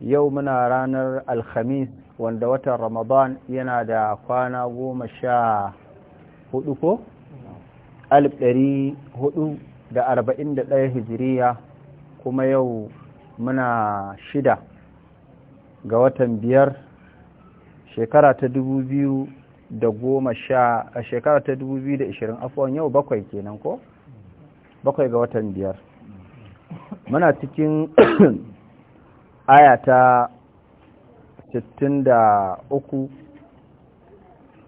yau muna ranar الخميس wanda watan Ramadan yana da kwana goma sha hudu ko? Alif ɗari hudu da arba'in da ɗaya hijiriya kuma yau muna shida ga watan biyar shekara ta dubu biyu da goma sha a shekara ta dubu biyu da ishirin afuwan yau bakwai kenan ko? Bakwai ga watan biyar. Muna cikin aya ta uku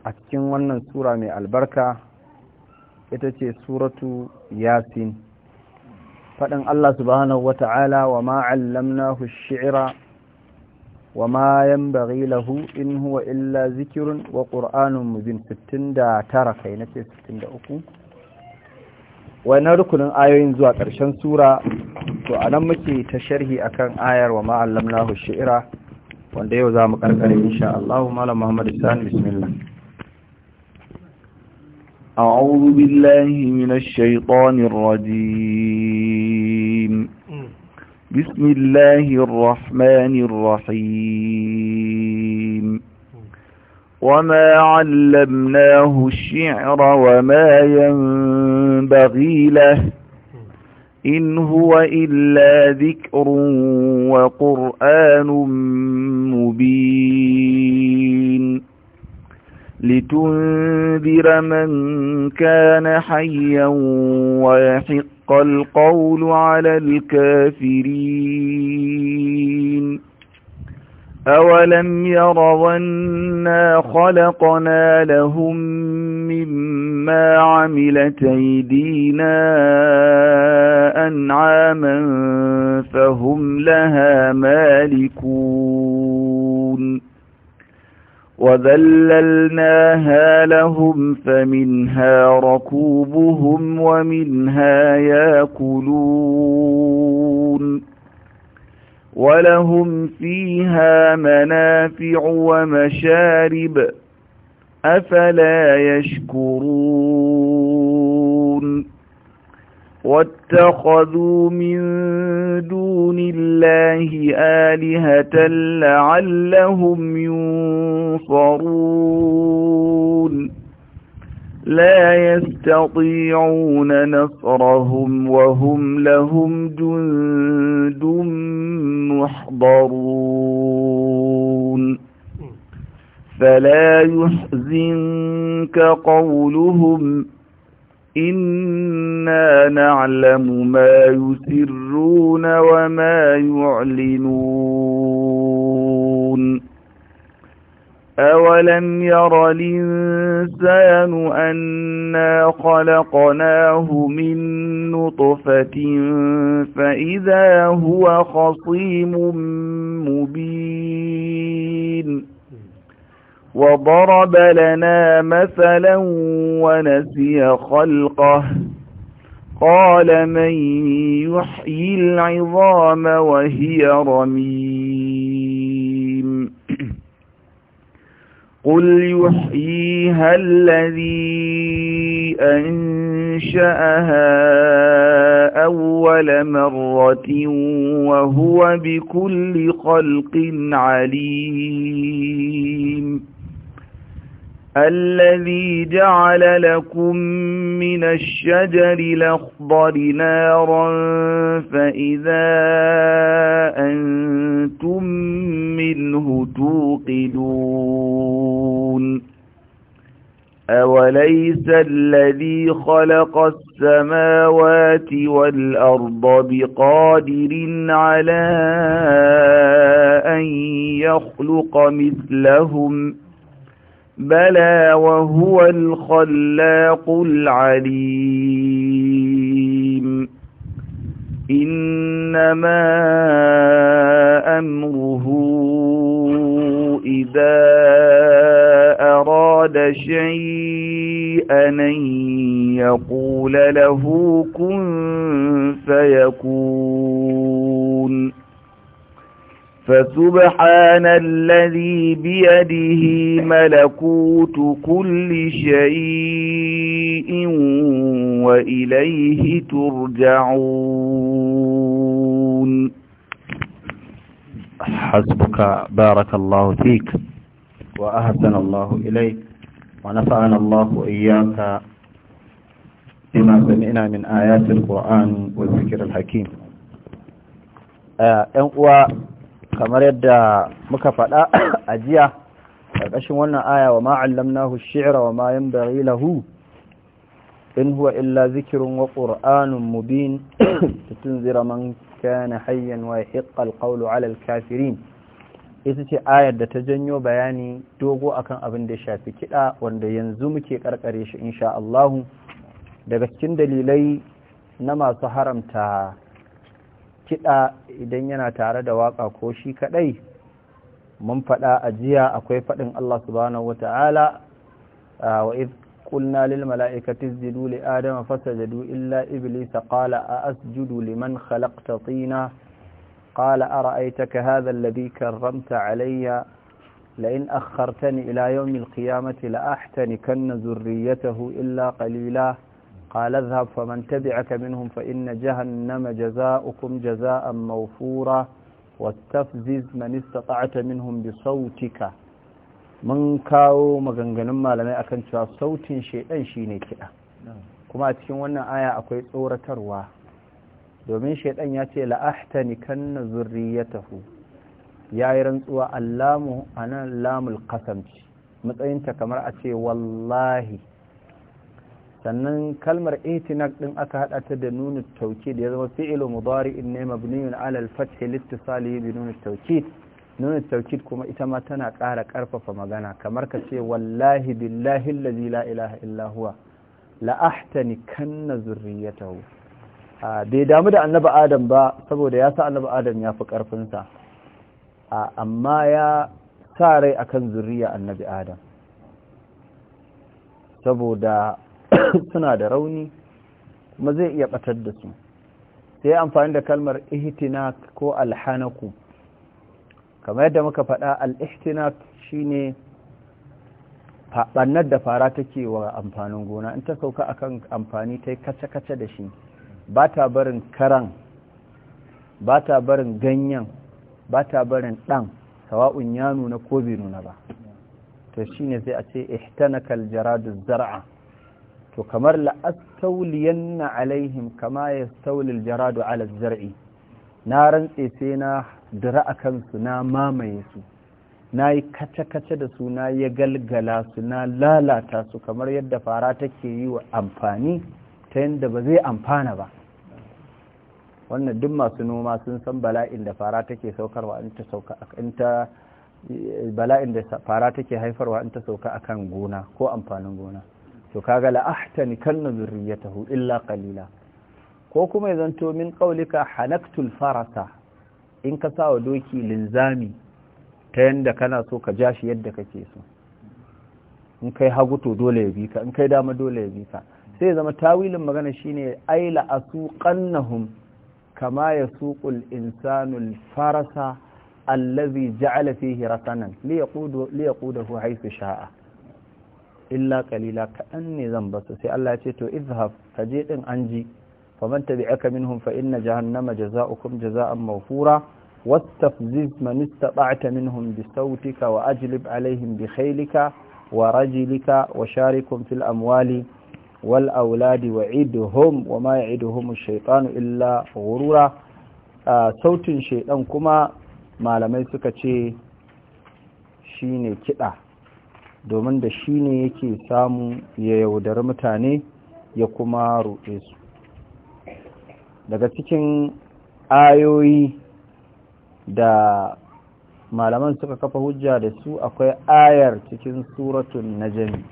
a cikin wannan sura mai albarka ita ce suratu yasin faɗin Allah subhanahu wa ta'ala wa ma'allamnahu shi'ira wa ma yanbaghi lahu in huwa illa zikirun wa ƙur'anun mubin 69 kai na ce 63 wannan rukunin ayoyin zuwa ƙarshen sura to a nan muke ta sharhi akan ayar wa ma'allamnahu shi'ira wanda yau za mu karkare insha Allah malam Muhammad Sani bismillah أعوذ بالله من الشيطان الرجيم بسم الله الرحمن الرحيم وما علمناه الشعر وما ينفع ينبغي له إن هو إلا ذكر وقرآن مبين لتنذر من كان حيا ويحق القول على الكافرين أَوَلَمْ يَرَوْا خَلَقْنَا لَهُم مِّمَّا عَمِلَتْ أَيْدِينَا أَنْعَامًا فَهُمْ لَهَا مَالِكُونَ وَذَلَّلْنَاهَا لَهُمْ فَمِنْهَا رَكُوبُهُمْ وَمِنْهَا يَأْكُلُونَ ولهم فيها منافع ومشارب أفلا يشكرون واتخذوا من دون الله آلهة لعلهم ينصرون لا يستطيعون نصرهم وهم لهم جند محضرون فلا يحزنك قولهم إنا نعلم ما يسرون وما يعلنون أَوَلَمْ يَرَ الْإِنْسَانُ أَنَّا خَلَقْنَاهُ مِنْ نُطْفَةٍ فَإِذَا هُوَ خَصِيمٌ مُبِينٌ وَضَرَبَ لَنَا مَثَلًا وَنَسِيَ خَلْقَهُ قَالَ مَنْ يُحْيِي الْعِظَامَ وَهِيَ رَمِيمٌ قل يحييها الذي أنشأها أول مرة وهو بكل خلق عليم الذي جعل لكم من الشجر الأخضر نارا فإذا أنتم منه توقدون أوليس الذي خلق السماوات والأرض بقادر على أن يخلق مثلهم ؟ بلى وهو الخلاق العليم إنما أمره إذا أراد شيئا أن يقول له كن فيكون فسبحان الذي بيده ملكوت كل شيء وإليه ترجعون حسبك بارك الله فيك وأهسن الله إليك ونفعنا الله إياك بما سمعنا من آيات القرآن والذكر الحكيم أه kamar yadda muka faɗa a jiya ƙarƙashin wannan aya wa hu shi'ra wa ma bari lahu in huwa illa zikirun wa ƙur'anun mubin tunzira man kana hayyan wa yahiqqa alqawlu alal kafirin ita ce ayar da ta janyo bayani dogo akan abin da shafi kiɗa wanda yanzu muke karkare shi insha Allahun daga cikin dalilai na masu haramta kida idan yana tare da waka ko shi kadai mun fada ajiya akwai fadin Allah subhanahu wataala wa id kunna lil mala'ikati isjudu li adama fasajadu illa iblis qala a asjudu liman khalaqta tina qala ara'aytaka hadha alladhi karramta alayya لئن أخرتني إلى يوم القيامة لأحتنكن ذريته إلا قليلا قال اذهب فمن تبعك منهم فإن جهنم جزاؤكم جزاء موفورا واستفزز من استطعت منهم بصوتك من كاو مغنغنم malamai akan cewa sautin shedan shine kiɗa kuma a cikin wannan aya akwai tsoratarwa domin shaidan ya ce kan zurriyatahu yayi rantsuwa allamu anan lamul qasam matsayinta kamar a ce wallahi sannan kalmar itinak din aka hada ta da nunu taukid ya zama fi'ilu mudari'in ne mabniun ala al-fath li bi nunu taukid nunu taukid kuma ita ma tana kara karfafa magana kamar ka ce wallahi billahi allazi la ilaha illa huwa la kanna zurriyatahu bai damu da annabi adam ba saboda ya sa annabi adam ya fi ƙarfinsa amma ya sa rai akan zuriya annabi adam saboda suna da rauni kuma zai iya batar da su sai amfani da kalmar ihtinak ko alhanaku kamar yadda muka faɗa al-ihtinak shine ɓannar da fara take wa amfanin gona in ta sauka a kan amfani ta yi kace-kace da shi ba ta barin karan ba ta barin ganyen ba ta barin ɗan sawa'un ya nuna ko bai nuna ba to shi ne sai a ce ihtanakal jaradun zar'a to kamar la'astauliyanna alaihim kama ya staulil jaradu ala zar'i na rantse sai na dira a kansu na mamaye su na yi kace-kace da su na ya galgala su na lalata su kamar yadda fara take yi wa amfani ta yadda ba zai amfana ba wannan duk masu noma sun san bala'in da fara take saukarwa in ta bala'in da fara take haifarwa in ta sauka akan gona ko amfanin gona to kaga la ahtani kanna zurriyatahu illa qalila ko kuma ya zanto min qaulika halaktul farasa in ka sawa doki linzami ta yanda kana so ka ja shi yadda kake so in kai hagu to dole ya bi ka in kai dama dole ya bi ka sai zama tawilin magana shine ai asuqannahum kama yasuqul insanul farasa allazi ja'ala fihi ratanan li yaqudu li yaqudahu haythu sha'a illa kalila kaɗan ne zan basu sai Allah ya ce to izhaf ka je din an ji fa man tabi'aka minhum fa inna jahannama jazaukum jazaan mawfura wastafziz man istata'ta minhum bi sawtika wa ajlib alaihim bi khaylika wa rajlika wa sharikum fil amwali wal awladi wa wa ma ya'iduhum ash-shaytanu illa ghurura sautin shaydan kuma malamai suka ce shine kiɗa. domin da shi ne yake samu ya yaudari mutane ya kuma roƙe su daga cikin ayoyi da malaman suka kafa hujja da su akwai ayar cikin suratun jami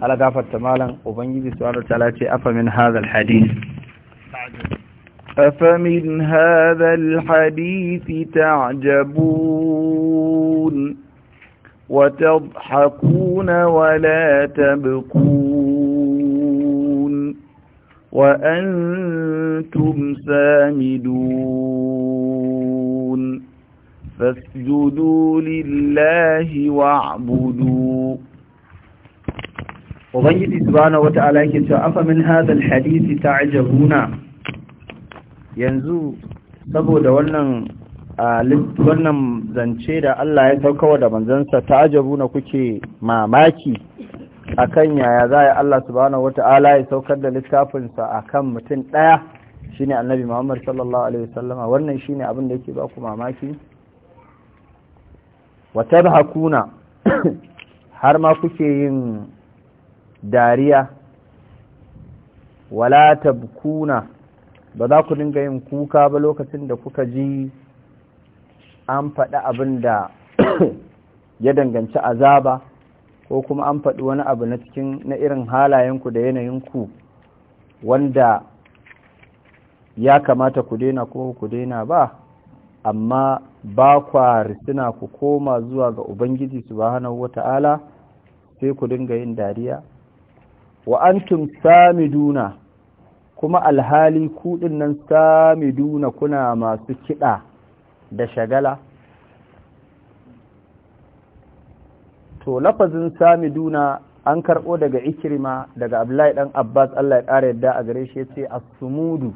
ala ta malam ubangiji subhanahu wataala ce afa min hadha afamin afa min hadha alhadith وتضحكون ولا تبكون وأنتم سامدون فاسجدوا لله واعبدوا وبنجد سبحانه وتعالى كتاب من هذا الحديث تعجبون ينزو سبو wannan wannan zance da Allah ya saukawa da manzansa ta ajabu na kuke mamaki A kan yaya za a Allah subhanahu ala ya saukar da littafinsa a kan mutum ɗaya ne annabi Muhammad sallallahu alaihi wasallama wannan shi ne abin da yake ba ku mamaki da hakuna har ma kuke yin dariya wala bukuna. ba za ku dinga yin kuka ba lokacin da kuka ji an faɗi abin da ya danganci azaba ko kuma an faɗi wani abu na cikin na irin halayenku da yanayinku wanda ya kamata ku daina ko ku daina ba amma ba kwa risina ku koma zuwa ga ubangiji su ba hana wata'ala sai ku dinga yin dariya wa sami duna kuma alhali ku sami duna kuna masu kiɗa da shagala to lafazin duna an karɓo daga ikirma daga abdullahi dan abbas allah ya ƙara yadda a gare shi ya ce sumudu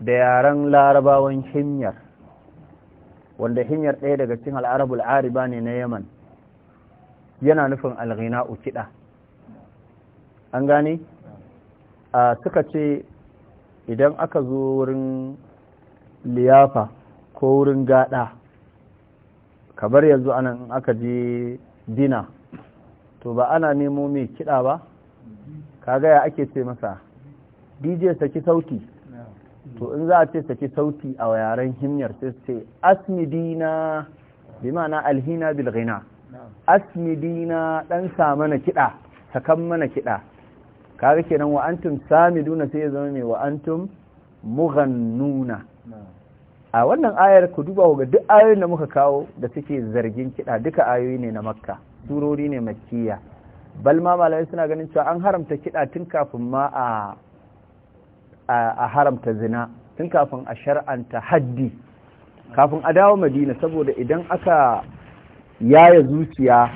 da yaren larabawan himyar wanda himyar ɗaya daga cikin al'arabul ariba ne na yaman yana nufin alghina'u kiɗa an gane suka ce idan aka zo wurin liyafa ko wurin gada kamar yanzu anan in aka je dina to ba ana nemo mai kiɗa ba kaga ya ake ce masa dj saki sauti to in za a ce saki sauti a yaren himyar sai ce asmidina bi ma'ana alhina bilghina asmidina dan sa mana kiɗa sakan mana kiɗa kaga kenan wa antum samiduna sai ya zama mai wa antum mughannuna a wannan ayar ku duba ga duk ayoyin da muka kawo da suke zargin kiɗa duka ayoyi ne na makka surori ne makkiya balma malamai suna ganin cewa an haramta kiɗa tun kafin ma a a haramta zina tun kafin a shar'anta haddi kafin a dawo madina saboda idan aka yaya zuciya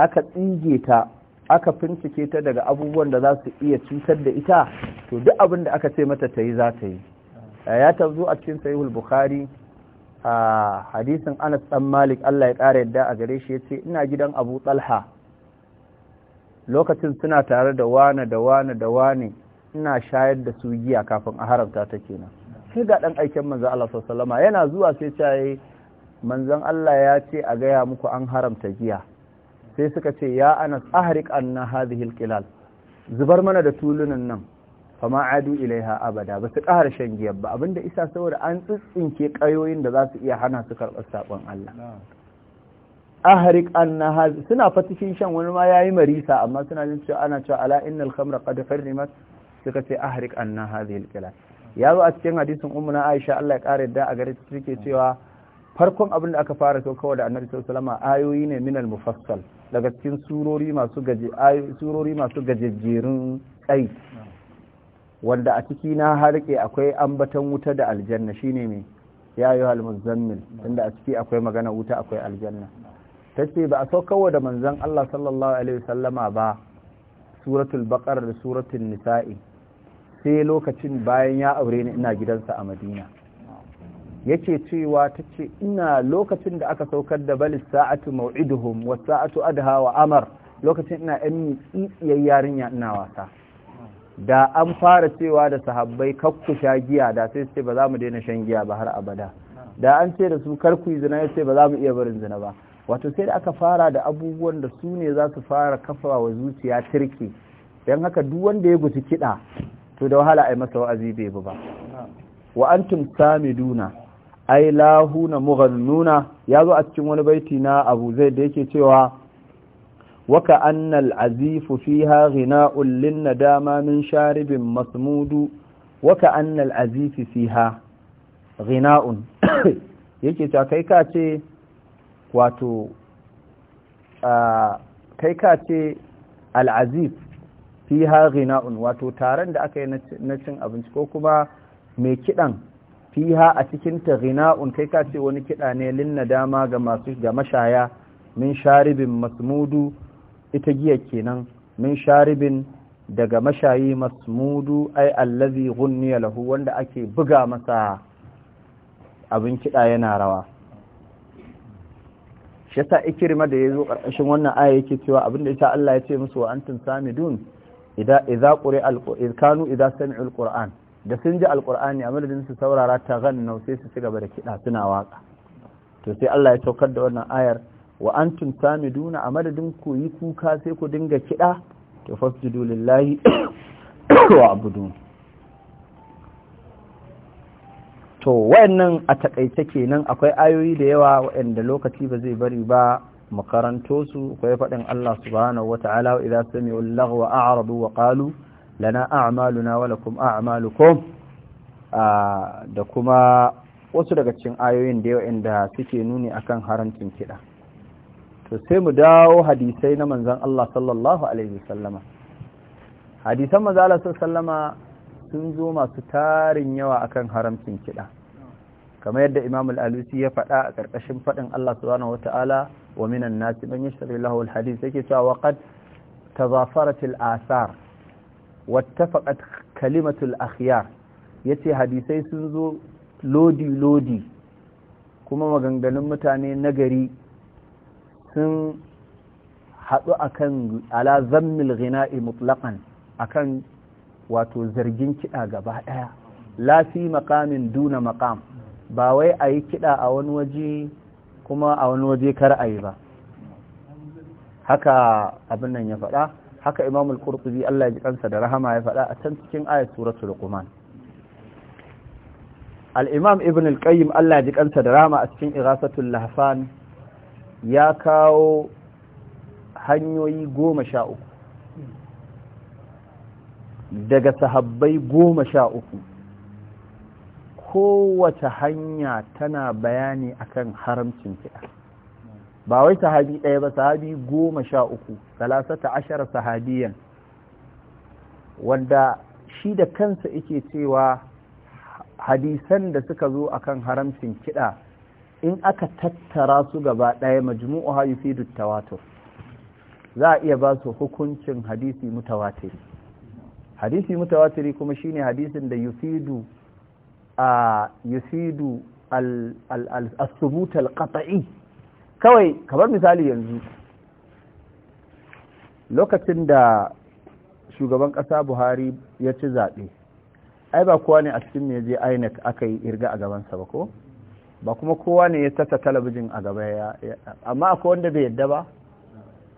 aka tsinge ta aka fincike ta daga abubuwan da za su iya cutar da ita to duk abin da aka ce mata ta yi za ta yi Eh, ya tabzo a cikin sahihul bukhari a hadisin anas dan malik Allah ya kara yadda a gare shi yace ina gidan abu talha lokacin suna tare da wane da wane da wane ina shayar da su giya kafin a haramta ta kenan sai ga dan aikin manzon Allah sallallahu yana zuwa sai yi manzon Allah ya ce a gaya muku an haramta giya sai suka ce ya anas ahriq anna hadhihi alqilal zubar mana da tulunan nan fa ma adu ilaiha abada ba su ƙara shan giyar ba abinda isa saboda an tsitsinke ƙayoyin da za su iya hana su karɓar saƙon Allah an anna suna fatishin shan wani ma yayi marisa amma suna jin cewa ana cewa ala innal khamra qad harrimat suka ce ahrik anna hadhihi alqila ya zo a cikin hadisin na Aisha Allah ya kare da a gare ta take cewa farkon abin da aka fara kawai da Annabi sallallahu alaihi wasallam ayoyi ne min al-mufassal daga cikin surori masu gaje surori masu wanda a ciki na harke akwai ambaton wuta da aljanna shine mai ya yi halmuzammil inda a ciki akwai magana wuta akwai aljanna tace ba a so kawo da manzan Allah sallallahu Alaihi wasallama ba suratul baƙar da suratul nisa'i sai lokacin bayan ya aure ni ina gidansa a madina yake cewa ta ina lokacin da aka saukar da balis sa'atu mau'iduhum was sa'atu adha wa amar lokacin ina ɗan mitsiyar yarinya ina wasa da an fara cewa da sahabbai kakku sha giya da sai su ce ba za mu daina shan giya ba har abada da an ce da su karku yi zina ya ce ba za mu iya barin zina ba wato sai da aka fara da abubuwan da su ne za su fara kafa wa zuciya turki don haka duk wanda ya guji kiɗa to da wahala a yi masa wa'azi bai bu ba wa antum duna ai lahuna mughannuna ya zo a cikin wani baiti na abu zai da yake cewa waka annal azifu fiha ghina'un lin nadama min sharibin masmudu waka annal azifi fiha yake ta kai ka ce wato kai ka ce al'azif fi ha gina'un wato taron da aka yi na cin abinci ko kuma mai kiɗan fi ha a ta gina'un kai ka ce wani kiɗa ne linna dama ga masu ga mashaya min sharibin masmudu ita giya kenan min sharibin daga mashayi masmudu ai allazi gunni lahu wanda ake buga masa abin kiɗa yana rawa shi yasa ikirma da yazo karkashin wannan aya yake cewa abinda ita Allah ya ce musu wa antum samidun idza idza quri alqur'an kanu idza sami'u alqur'an da sun ji alqur'ani a madadin su saurara ta ganna sai su ci gaba da kiɗa suna waka to sai Allah ya saukar da wannan ayar wa antum duna a madadin ku yi kuka sai ku dinga kiɗa to fasjudu lillahi wa abudun to wayannan a takaice kenan akwai ayoyi da yawa wayanda lokaci ba zai bari ba makaranto su akwai faɗin Allah subhanahu wata'ala wa idza sami'u al-laghwa a'radu wa qalu lana a'maluna wa lakum a'malukum ah, da kuma wasu daga cikin ayoyin da yawa inda suke nuni akan harancin kiɗa to sai mu dawo hadisai na manzan Allah sallallahu alaihi wasallama hadisan manzan Allah sallama sun zo masu tarin yawa akan haramcin kiɗa kamar yadda Imam Al-Alusi ya faɗa a ƙarƙashin faɗin Allah subhanahu wata'ala wa minan nasi man yashtari lahu al-hadith yake cewa waqad tazafarat al-athar wattafaqat kalimatu al-akhyar yace hadisai sun zo lodi lodi kuma maganganun mutane nagari sun haɗu akan ala zammil ghina'i mutlaqan akan wato zargin kiɗa gaba ɗaya lafi makamin duna makam ba wai a yi kiɗa a wani waje kuma a wani waje kar a yi ba haka abin nan ya faɗa haka imam al Allah ya ji kansa da rahama ya faɗa a can cikin ayat suratul luqman al-imam ibn al-qayyim Allah ya ji kansa da rahama a cikin irasatul lahfan ya kawo hanyoyi goma sha uku daga sahabbai goma sha uku kowace hanya tana bayani akan haramcin kiɗa ba wai sahabi ɗaya ba sahabi goma sha uku salasata ashara sahabiyan wanda shi da kansa yake cewa hadisan da suka zo akan haramcin kiɗa in aka tattara su gaba ɗaya majmu'uha yufidu tawatur za a iya ba su hukuncin hadisi mutawatiri hadisi mutawatiri kuma shine hadisin da yufidu a yufidu al qati kawai kamar misali yanzu lokacin da shugaban ƙasa Buhari ya ci zaɓe ai ba kowa ne a cikin ne je INEC aka yi irga a gabansa ba ko ba kuma kowa ne ya saka talabijin a gaba ya amma akwai wanda bai yadda ba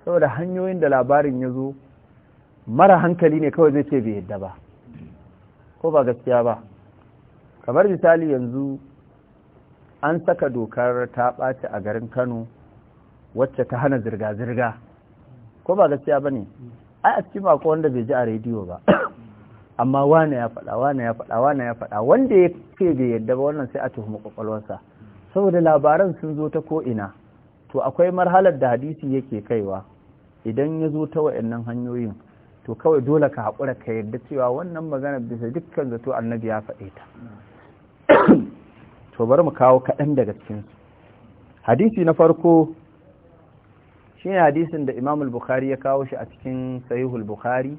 saboda hanyoyin da labarin ya zo mara hankali ne kawai zai ce bai yadda ba ko ba gaskiya ba kamar misali yanzu an saka dokar ta ɓaci a garin kano wacce ta hana zirga-zirga ko ba gaskiya ba ne ai a cikin akwai wanda bai ji a rediyo ba amma wane ya faɗa wane ya faɗa wane ya faɗa wanda ya ce bai yadda ba wannan sai a tuhumi kwakwalwarsa saboda labaran sun zo ta ko'ina to akwai marhalar da hadisi yake kaiwa idan ya zo ta wa'annan hanyoyin to kawai dole ka haƙura ka yarda cewa wannan magana bisa dukkan zato annabi ya faɗe ta to bari mu kawo kaɗan daga cikinsu hadisi na farko shi ne hadisin da imam bukhari ya kawo shi a cikin sahihul bukhari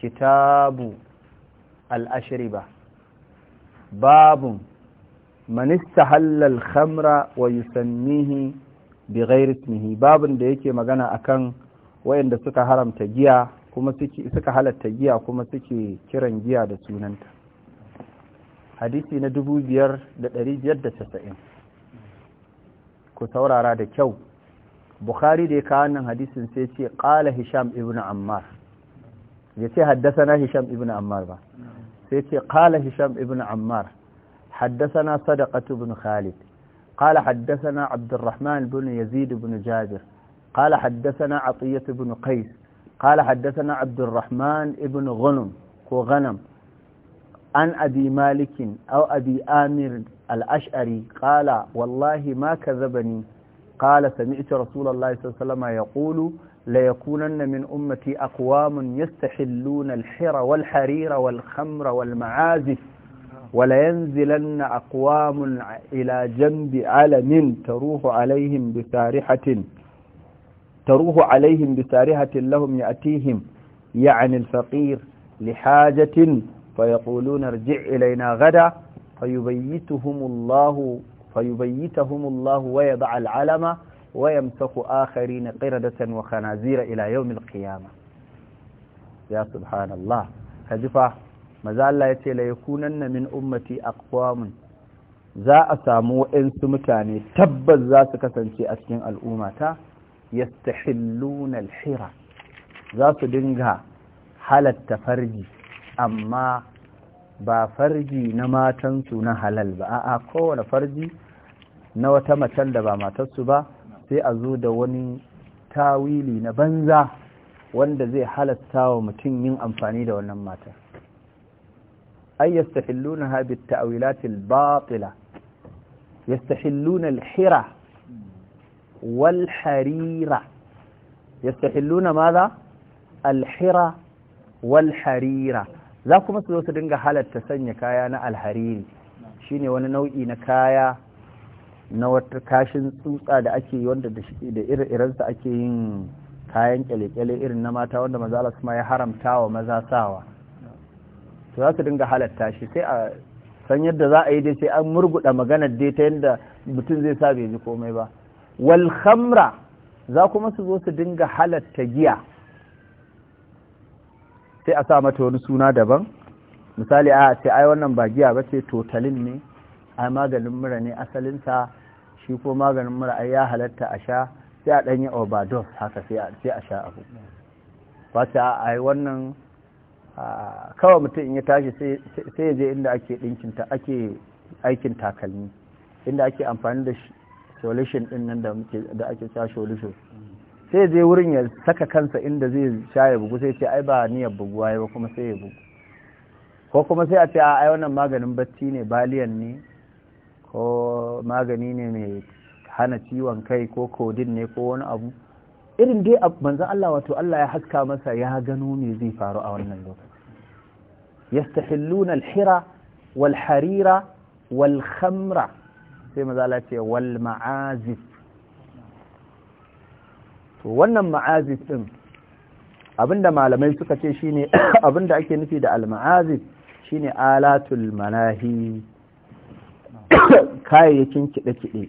kitabu al-ashriba babun man istahalla al-khamra wa yusammihi bi ghairi ismihi babin da yake magana akan wayanda suka haramta giya kuma suke suka halatta giya kuma suke kiran giya da sunanta hadisi na 2590 ku saurara da kyau bukhari da ya kawo nan hadisin sai ce qala hisham ibn ammar ya ce haddasa na hisham ibn ammar ba sai ce qala hisham ibn ammar حدثنا صدقة بن خالد قال حدثنا عبد الرحمن بن يزيد بن جابر قال حدثنا عطية بن قيس قال حدثنا عبد الرحمن بن غنم وغنم عن أبي مالك أو أبي آمر الأشعري قال والله ما كذبني قال سمعت رسول الله صلى الله عليه وسلم يقول ليكونن من أمتي أقوام يستحلون الحر والحرير والخمر والمعازف ولا ينزلن أقوام إلى جنب علم تروح عليهم بسارحة تروح عليهم بسارحة لهم يأتيهم يعني الفقير لحاجة فيقولون ارجع إلينا غدا فيبيتهم الله فيبيتهم الله ويضع العلم ويمسخ آخرين قردة وخنازير إلى يوم القيامة يا سبحان الله هجفه maza Allah ya ce na min ummati akwamun za a samu waɗansu mutane tabbas za su kasance a cikin al'ummata stahilluna alhira za su dinga halatta farji amma ba farji na matansu na halal ba a'a kowane farji na wata macen da ba matarsu ba sai a zo da wani tawili na banza wanda zai halatta wa mutum yin amfani da wannan matar ay yastahilunaha bit ta'wilat al batila yastahiluna al hira wal harira yastahiluna madha al hira wal harira za kuma su su dinga halarta sanya kaya na alhariri shine wani nau'i na kaya na wata kashin tsutsa da ake wanda da ire-irensa ake yin kayan kyale-kyale irin na mata wanda maza Allah ya haramta wa maza sawa to za su dinga halatta shi sai a san yadda za a yi dai sai an murguɗa maganar dai ta yadda mutum zai sa bai ji komai ba wal khamra za kuma su zo su dinga halatta giya sai a sa mata wani suna daban misali a ce ai wannan ba giya ba ce totalin ne ai maganin mura ne asalinsa shi ko maganin mura ai ya halatta a sha sai a ɗanyi overdose haka sai a sha abu ba ta ai wannan kawai mutum in ya tashi sai ya je inda ake ake aikin takalmi inda ake amfani da solution din nan da muke da ake sa solution sai je wurin ya saka kansa inda zai sha ya bugu sai ce ai ba bugu buguwa ba kuma sai ya bugu ko kuma sai a ce a ai wannan maganin bacci ne baliyan ne ko magani ne mai hana ciwon kai ko kodin ne ko wani abu irin dai manzan Allah wato Allah ya haska masa ya gano me zai faru a wannan lokaci yastahilluna al-hira wal harira wal khamra sai manzan Allah ce wal ma'azif to wannan ma'azif din abinda malamai suka ce shine abinda ake nufi da al-ma'azif shine alatul manahi kayayyakin kide-kide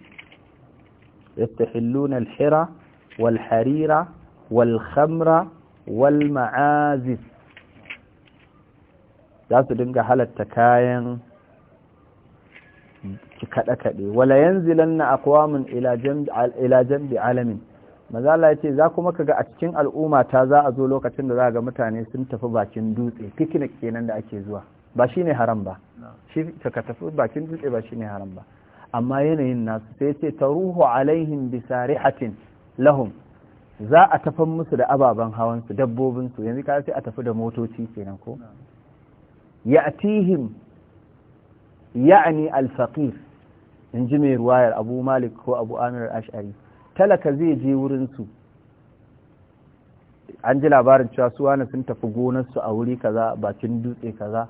yastahilluna al-hira wal harira والمعازف wal ma'azif za su dinga ولا kayan kaɗe-kaɗe wala إلى جنب akwamin maza bi mazala ya ce za kuma kaga a cikin al'umma ta za a zo lokacin da za ga mutane sun tafi bakin dutse picnic kenan da ake zuwa ba shi ne haram ba shi ka tafi bakin dutse ba shi ne haram ba amma yanayin nasu sai ce ta ruhu alaihim bi sarihatin lahum za a tafan musu da ababen hawansu dabbobinsu yanzu ka sai a tafi da motoci kenan ko ya'tihim ya'ni al-faqir in ji mai ruwayar abu malik ko abu amir ash'ari talaka zai je wurinsu an ji labarin cewa su wani sun tafi gonarsu a wuri kaza bakin dutse kaza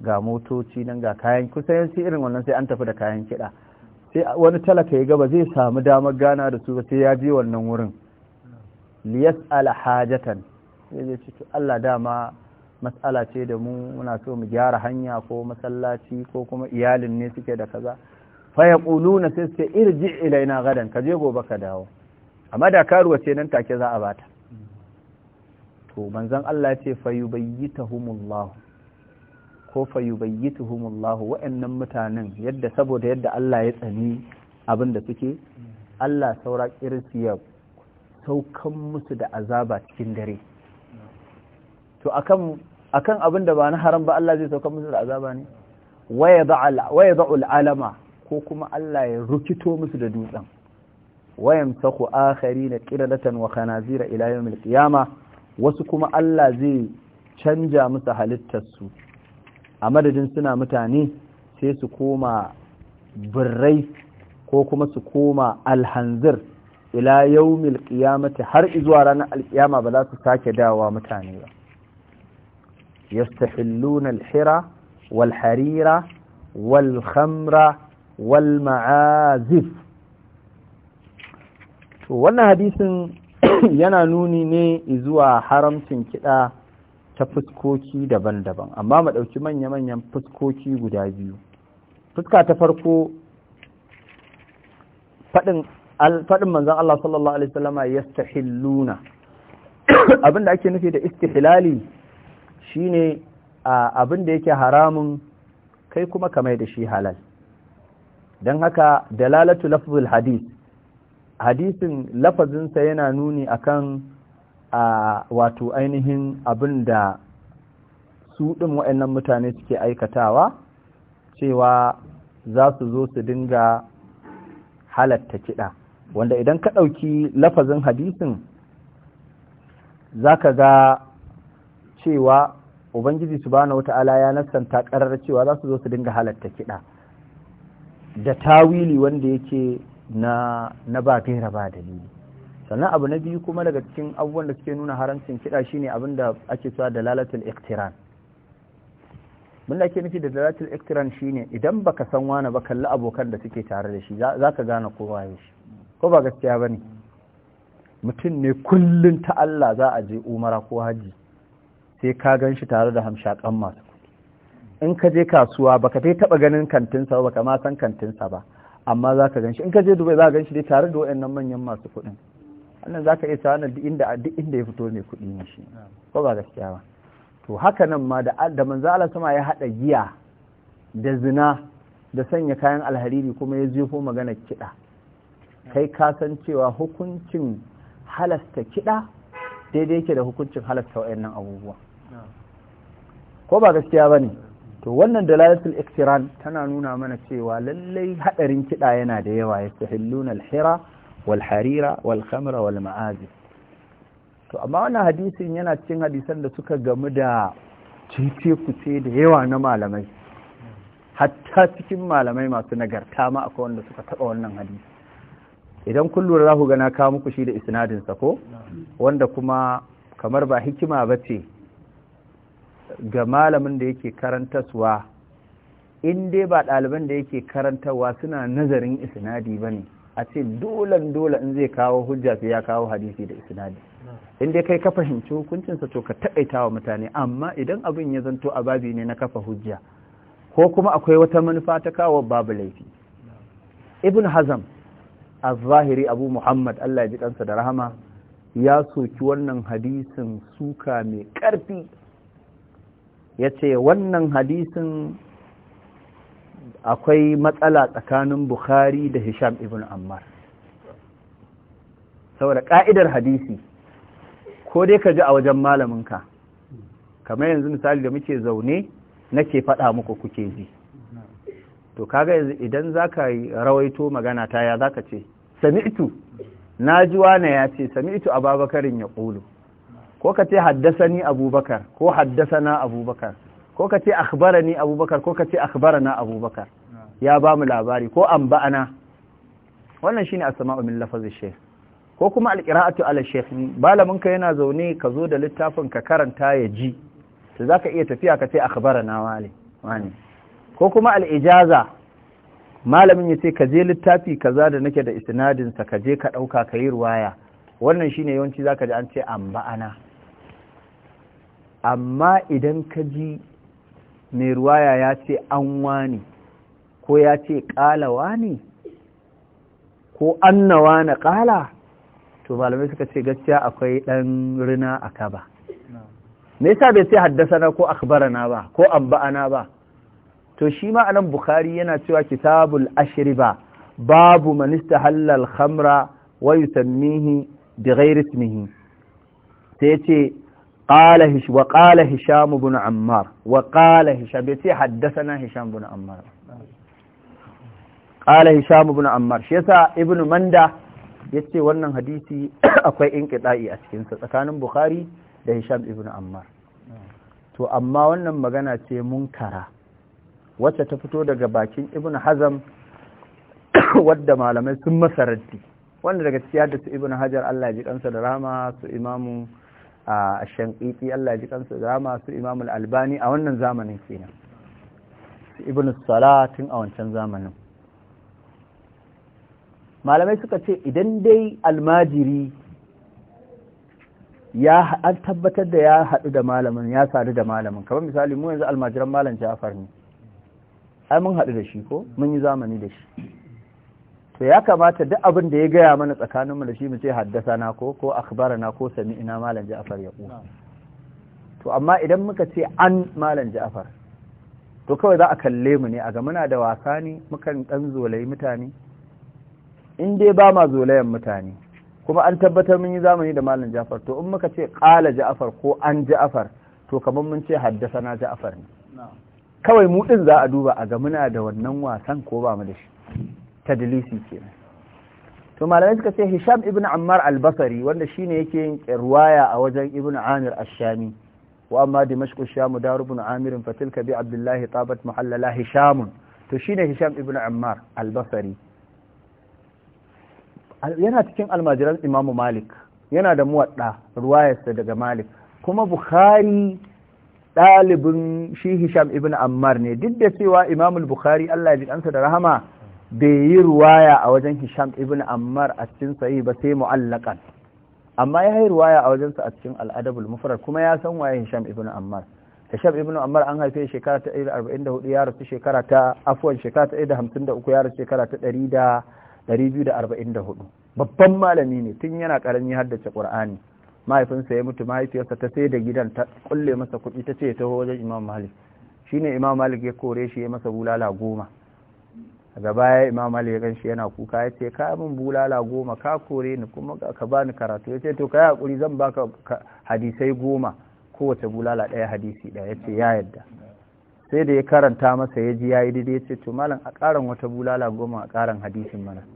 ga motoci nan ga kayan kusan yansu irin wannan sai an tafi da kayan kiɗa sai wani talaka ya gaba zai samu damar gana da su ba sai ya je wannan wurin liyas alhajatan sai zai ce Allah dama matsala ce da mu muna so mu gyara hanya ko masallaci ko kuma iyalin ne suke da kaza fa yaquluna sai suke irji ilaina gadan ka je gobe ka dawo amma da karuwa ce nan take za a bata to manzon Allah ya ce fayubayyitahumullahu ko fa yubayyituhumullahu wa'annan mutanen yadda saboda yadda Allah ya tsani abin da suke Allah saura kirsi ya saukan musu da azaba cikin dare to akan akan abin da ba na haram ba Allah zai saukan musu da azaba ne waya da'ul alama ko kuma Allah ya rukito musu da dutsen wayan saku akhari na kiradatan wa khanazira ila yawmil qiyama wasu kuma Allah zai canja musu halittarsu a madadin suna mutane sai su koma birrai ko kuma su koma alhanzir ila yaumil qiyamati har zuwa ranar alkiyama ba za su sake dawowa mutane ba yastahilluna alhira wal harira wal khamra wal ma'azif to wannan hadisin yana nuni ne zuwa haramcin kiɗa ta fuskoki daban-daban amma mu ɗauki manya-manyan fuskoki guda biyu fuska ta farko faɗin manzan Allah sallallahu Alaihi wasallama ya stahilluna abinda ake nufi da istihilali shine da yake haramun kai kuma kamar da shi halal don haka dalalatu lafzul hadis hadisin lafazinsa yana nuni akan a wato ainihin abin da su ɗin waɗannan mutane suke aikatawa cewa za su zo su dinga halatta kiɗa wanda idan ka ɗauki lafazin hadisin za ka ga cewa ubangiji su subhanahu wata'ala ya nassanta ƙarar cewa za su zo su dinga halatta kiɗa da tawili wanda yake na ba gaira ba dalili sannan abu na biyu kuma daga cikin abubuwan da suke nuna haramcin kiɗa shine abin da ake cewa dalalatul iktiran mun da ke nufi da dalalatul iqtiran shine idan baka san wani ba kalli abokan da suke tare da shi zaka gane ko waye shi ko ba gaskiya bane mutum ne kullum ta Allah za a je umara ko haji sai ka gan shi tare da hamshakan masu in ka je kasuwa baka dai taɓa ganin kantinsa ba baka ma san kantinsa ba amma za ka gan shi in ka je dubai za ka gan shi dai tare da waɗannan manyan masu kuɗin wannan za ka iya cewa nan duk inda ya fito mai kuɗi ne shi ko ba gaskiya ba to haka nan ma da manzo Allah sama ya haɗa giya da zina da sanya kayan alhariri kuma ya jefo magana kiɗa kai ka san cewa hukuncin halasta kiɗa daidai yake da hukuncin halasta wayannan abubuwa ko ba gaskiya bane to wannan dalalatul iktiran tana nuna mana cewa lallai hadarin kiɗa yana da yawa yastahilluna alhira Walharira, harira wal khamra wal to amma wannan hadisin yana cikin hadisan da suka gamu da cece kuce da yawa na malamai hatta cikin malamai masu nagarta ma akwai wanda suka taba wannan hadisi idan kun lura za ku na ka muku shi da sa ko wanda kuma kamar ba hikima ba ce ga malamin da yake karantaswa in dai ba ɗaliban da yake karantarwa suna nazarin isnadi ba ne a ce dolan dole in zai kawo hujja sai ya kawo hadisi da isnadi in dai kai ka fahimci hukuncin sa to ka taƙaita wa mutane amma idan abin ya zanto a babi ne na kafa hujja ko kuma akwai wata manufa ta kawo babu laifi ibn hazam az-zahiri abu muhammad Allah ya ji kansa da rahama ya soki wannan hadisin suka mai karfi ya ce wannan hadisin akwai matsala tsakanin bukhari da hisham ibn ammar saboda ƙa'idar hadisi ko dai ka ji a wajen malaminka kamar yanzu misali da muke zaune nake faɗa muku kuke ji to kaga yanzu idan zaka rawaito magana ta ya zaka ce sami'tu ji wane ya ce sami'tu babakarin ya ƙulu ko ka ce Haddasa ni abubakar ko Haddasa na abubakar ko ka ce ni abubakar ko ka ce na abubakar ya ba mu labari ko an ba'ana wannan shine asma'u min lafazi shaykh ko kuma alqira'atu ala shaykh balamin ka yana zaune ka zo da littafin ka karanta ya ji to zaka iya tafiya ka ce na wale wani ko kuma al-ijaza malamin ya ce ka je littafi kaza da nake da istinadin sa ka je ka dauka ka yi ruwaya wannan shine yawanci zaka ji an ce an ba'ana amma idan ka ji mai ruwaya ya ce an wani ko ya ce ƙala wani ko an na ƙala to malamai suka ce gaskiya akwai ɗan rina a kaba me yasa bai sai na ko na ba ko ba'ana ba to shi ma anan bukhari yana cewa kitabul ashriba babu man istahalla Hamra, khamra wa yusammihi bighayri ismihi sai yace qala hish wa qala hisham ibn ammar wa qala hisham bi haddathana hisham ammar qala hisham ibn ammar shi yasa ibn manda ce wannan hadisi akwai inqita'i a cikin sa tsakanin bukhari da hisham ibn ammar to amma wannan magana ce munkara wacce ta fito daga bakin ibn hazam wadda malamai sun masaratti wanda daga ciyar da su ibn hajar Allah ya ji kansa da rama su imamu a shanƙiƙi Allah ji kansu za masu imamul albani a wannan zamanin kenan ibn salatin a wancan zamanin malamai suka ce idan dai almajiri ya an tabbatar da ya haɗu da malamin ya sadu da malamin kamar misali mu yanzu almajiran malam jafar ne ai mun haɗu da shi ko mun yi zamani da shi to ya kamata duk abin da ya gaya mana tsakaninmu da shi mu ce haddasa na ko ko akhbara na ko sami ina malam ja'far ya ku to amma idan muka ce an malam ja'far to kawai za a kalle mu ne a ga muna da wasa ne mukan dan zolayi mutane in dai ba ma zolayen mutane kuma an tabbatar mun yi zamani da malam ja'far to in muka ce qala ja'far ko an ja'far to kamar mun ce haddasa na ja'far ne kawai mu din za a duba a ga muna da wannan wasan ko ba mu da shi tadlisi kenan to malamai suka ce Hisham ibn Ammar al-Basri wanda shine yake yin riwaya a wajen Ibn Amir ash-Shami wa amma Dimashq ash shami dar ibn Amir fa tilka bi Abdullah tabat Muhallala Hisham to shine Hisham ibn Ammar al-Basri yana cikin almajiran Imam Malik yana da muwadda ruwayarsa daga Malik kuma Bukhari ɗalibin shi Hisham ibn Ammar ne duk da cewa Imam Bukhari Allah ya ji kansa da rahama bai yi ruwaya a wajen hisham ibn ammar a cikin sahi ba sai mu'allakan amma ya yi ruwaya a wajen sa a cikin al'adabul mufrad kuma ya san waye hisham ibn ammar hisham ibn ammar an haife shekara ta 44 ya rasu shekara ta afwan shekara ta 153 ya rasu shekara ta 244 babban malami ne tun yana karami haddace qur'ani mahaifinsa ya mutu mahaifiyarsa ta sai da gidan ta kulle masa kuɗi ta ce ta taho wajen imam malik shine imam malik ya kore shi ya masa bulala goma daga baya imam ali ya ganshi yana kuka ya ce ka min bulala goma ka kore ni kuma ka bani karatu ya ce to ka yi hakuri zan baka hadisai goma kowace bulala ɗaya hadisi ɗaya ya ce ya yadda sai da ya karanta masa ya ji ya yi daidai ya ce to malam a ƙaran wata bulala goma a ƙaran hadisin mana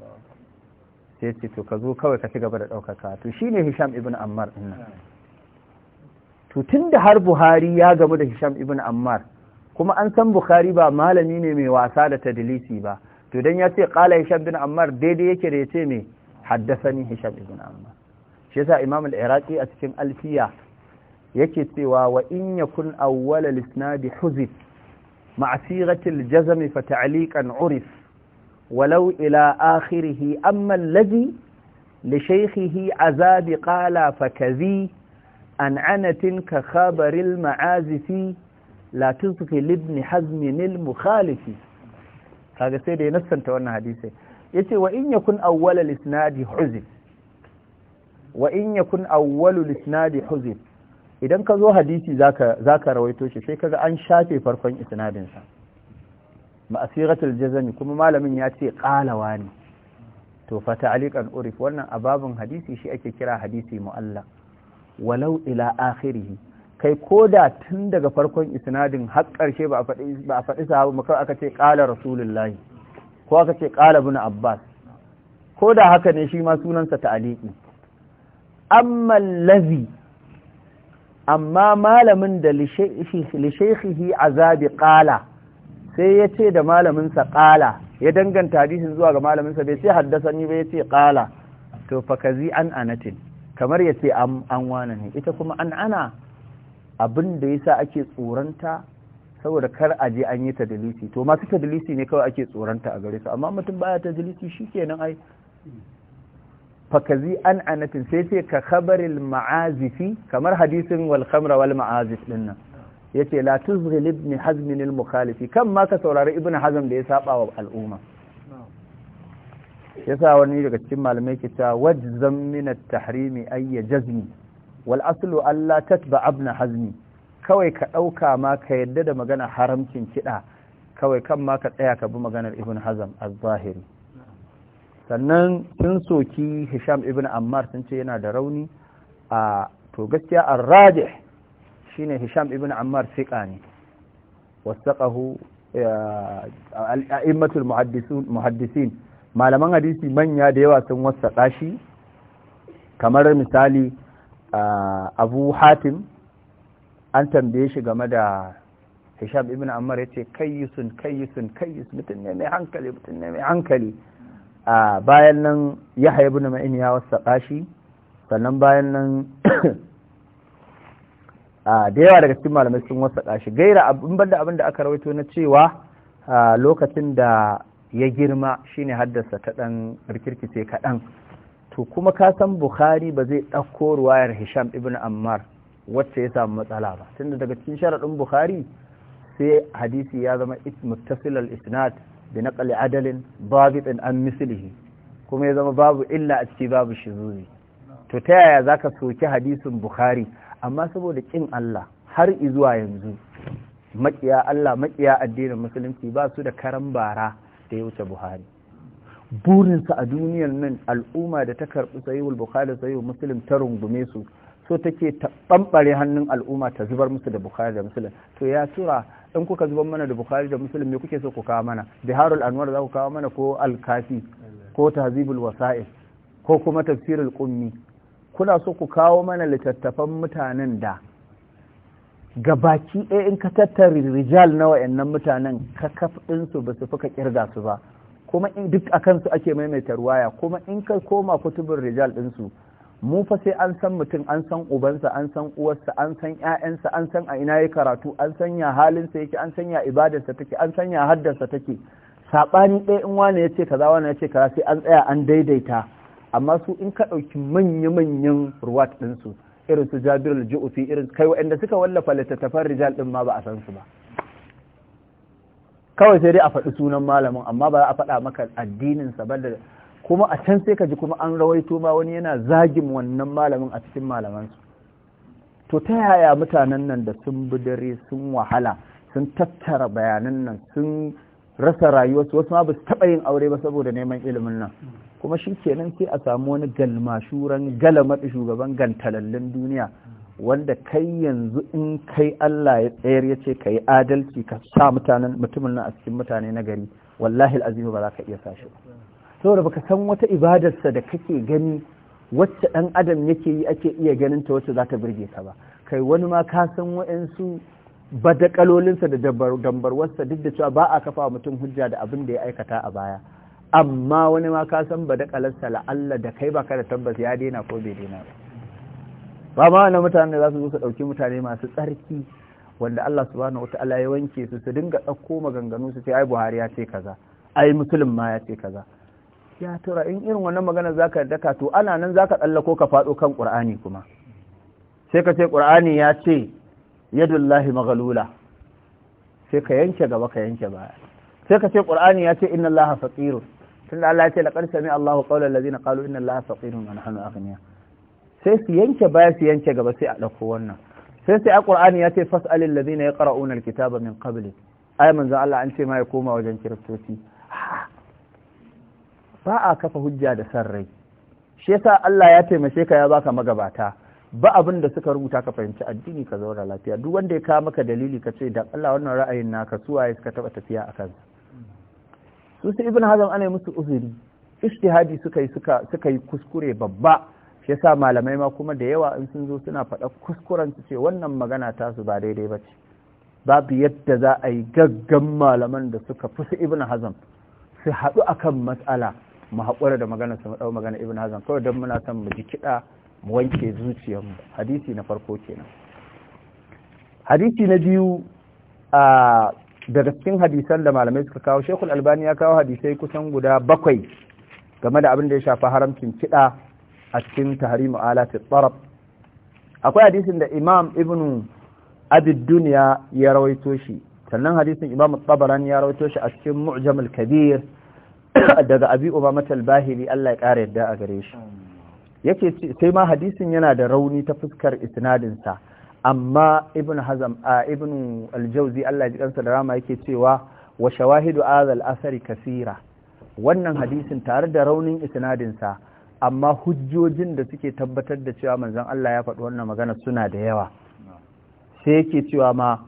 sai ce to ka zo kawai ka ci gaba da ɗaukar karatu shine hisham ibn ammar ɗin to tun da har buhari ya gamu da hisham ibn ammar kuma an san bukhari ba malami ne mai wasa da tadlisi ba to dan ya ce qala hisham bin ammar daidai yake da yace me haddathani hisham ibn ammar shi yasa imam al-iraqi a cikin alfiya yake cewa wa in yakun awwal al-isnad huzif ma'a sighati al-jazm fa ta'liqan urif walau ila akhirih amma alladhi li shaykhihi azabi qala fakazi an anatin ka khabaril ma'azifi su fi libni hazmin mukhalifi kaga sai da ya nassanta wannan hadisi yace wa in yakun awwal al huzif wa in yakun awwal al lisnadi huzif idan ka zo hadisi zaka zaka rawaito shi sai kaga an shafe farkon isnadin sa ma'asiratul jazami kuma malamin ya ce qalawa ne to fa ta'liqan urif wannan ababun hadisi shi ake kira hadisi mu'alla walau ila akhirih kai ko da tun daga farkon isnadin har ƙarshe ba a faɗi sahabu ba kawai aka ce ƙala rasulullahi ko aka ce ƙala bin abbas ko da haka ne shi ma sunansa ta'aliki amma lazi amma malamin da a azabi ƙala sai ya ce da malaminsa ƙala ya danganta hadisin zuwa ga malaminsa bai ce haddasa ni ba ya ce ƙala to fakazi an anatin kamar ya ce an wane ne ita kuma an ana abin da ya sa ake tsoranta saboda kar a je an yi ta dalisi to masu ta dalisi ne kawai ake tsoranta a gare su amma mutum baya ta dalisi shi kenan ai fakazi an anatin sai ce ka khabaril ma'azifi kamar hadisin wal khamra wal ma'azif din nan yace la tuzghil ibn hazm al mukhalifi kam ma ka saurari ibn hazm da ya saba wa al'umma yasa wani daga cikin malamai ke cewa wajzam min at tahrimi ayya jazmi wal Allah alla tatba abna hazmi kawai ka ɗauka ma ka yadda da magana haramcin kiɗa kawai kan ma ka tsaya ka bi maganar ibn hazam az-zahiri sannan sun soki hisham ibn ammar sun ce yana da rauni a to gaskiya ar-rajih shine hisham ibn ammar fiqa ne wasaqahu al-a'immatul muhaddisin malaman hadisi manya da yawa sun wasaƙa shi kamar misali abu hatim an tambaye shi game da hisham ibn ammar ya ce kayyusun kayyisun kayyis mutum ne mai hankali mutum ne mai hankali a bayan nan yahya ibn ma'in ya wasa kashi sannan bayan nan a da yawa daga cikin malamai sun wasa kashi gaira abin banda abin da aka rawaito na cewa lokacin da ya girma shine haddasa ta dan rikirkice kaɗan to kuma ka san bukhari ba zai ɗauko ruwayar hisham ibn ammar wacce ya samu matsala ba tunda daga cikin sharaɗin bukhari sai hadisi ya zama muttasil al-isnad bi naqli adalin babitin an mislihi kuma ya zama babu illa a ciki babu shizuzi to ta yaya zaka soki hadisin bukhari amma saboda kin Allah har izuwa yanzu makiya Allah makiya addinin musulunci ba su da karan bara da ya wuce buhari burinsa a duniyar nan al'umma da ta karɓi sayuwar bukhari sayuwar musulun ta rungume su so take ta ɓamɓare hannun al'umma ta zubar musu da bukhari da musulun to ya tura in kuka zubar mana da bukhari da musulun me kuke so ku kawo mana biharul anwar za ku kawo mana ko alkafi ko tahzibul wasa'il ko kuma tafsirul qummi kuna so ku kawo mana littattafan mutanen da gabaki ɗaya in ka tattara rijal na wa'annan mutanen ka kafɗinsu ɗinsu ba su fuka kirga su ba kuma in duk a kansu ake maimaita ruwaya kuma in ka koma kutubin rijal ɗinsu mu fa sai an san mutum an san ubansa an san uwarsa an san ƴaƴansa an san a ina ya karatu an san ya halinsa yake an san ya ibadarsa take an san ya haddarsa take saɓani ɗaya in wani ya ce kaza wani ya ce kaza sai an tsaya an daidaita amma su in ka ɗauki manya-manyan ruwat ɗinsu irin su jabir ji'ufi irin kai waɗanda suka wallafa littattafan rijal ɗin ma ba a san su ba kawai sai dai a faɗi sunan malamin amma ba za a faɗa maka addininsa ba da kuma a can sai ka ji kuma an rawaito ma wani yana zagin wannan malamin a cikin malamansu to ta yaya mutanen nan da sun bi dare sun wahala sun tattara bayanan nan sun rasa rayuwarsu wasu ma ba su taɓa yin aure ba saboda neman ilimin nan kuma shi kenan sai a samu wani galmashuran galamaɗi shugaban gantalallin duniya wanda kai yanzu in kai Allah ya tsayar ya ce ka yi adalci ka sa mutanen mutumin nan a cikin mutane na gari wallahi azimi ba za ka iya sa shi ba saboda baka san wata ibadarsa da kake gani wacce ɗan adam yake yi ake iya ganin ta wacce za ta birge ka ba kai wani ma ka san wa'ansu badakalolinsa da dambarwarsa duk da cewa ba a kafa mutum hujja da abin da ya aikata a baya amma wani ma ka san badakalarsa la'alla da kai baka da tabbas ya daina ko bai daina ba ba ma wani mutane za su zo su ɗauki mutane masu tsarki wanda Allah subhanahu wataala ya wanke su su dinga ɗauko maganganu su ce ai Buhari ya ce kaza ai musulun ma ya ce kaza ya tura in irin wannan magana ka daka to ana nan za ka tsallako ka faɗo kan Qur'ani kuma sai ka ce Qur'ani ya ce yadullahi maghlula sai ka yanke gaba ka yanke baya sai ka ce Qur'ani ya ce inna Allaha faqirun tunda Allah ya ce laqad sami Allahu qawla allazina qalu inna Allaha faqirun wa nahnu aghniya sai su yanke baya su yanke gaba sai a ɗauko wannan sai sai ƙur'ani ya ce fas'alil ladina unar kitaba min qabli ai manzo Allah an ce ma ya koma wajen kiristoci ba a kafa hujja da san rai shi yasa Allah ya taimake ka ya baka magabata ba abin da suka rubuta ka fahimci addini ka zauna lafiya duk wanda ya kawo maka dalili ka ce da Allah wannan ra'ayin naka su waye suka taba tafiya a kansa su su ibn hazm ana musu uzuri ijtihadi suka suka yi kuskure babba shi yasa malamai ma kuma da yawa in sun zo suna faɗa kuskuren su ce wannan magana ta su ba daidai ba ce babu yadda za a yi gaggan malaman da suka fi su ibn hazam su haɗu akan matsala mu haƙura da magana su maɗau magana ibn hazam kawai don muna son mu ji kiɗa mu wanke zuciyarmu hadisi na farko kenan hadisi na biyu a daga cikin hadisan da malamai suka kawo shekul albani ya kawo hadisai kusan guda bakwai game da abin da ya shafi haramcin kiɗa a cikin tahrimu alati tarab akwai hadisin da imam ibn abid dunya ya rawaito shi sannan hadisin imam tabarani ya rawaito shi a cikin mu'jam kabir daga abi umama al-bahili Allah ya kare yadda a gare shi yake sai ma hadisin yana da rauni ta fuskar isnadin amma ibn hazam a ibn al-jawzi Allah ya ji kansa da rama yake cewa wa shawahidu azal asari kasira wannan hadisin tare da raunin isnadin amma hujjojin da suke tabbatar da cewa manzan Allah ya faɗi wannan magana suna da yawa sai yake cewa ma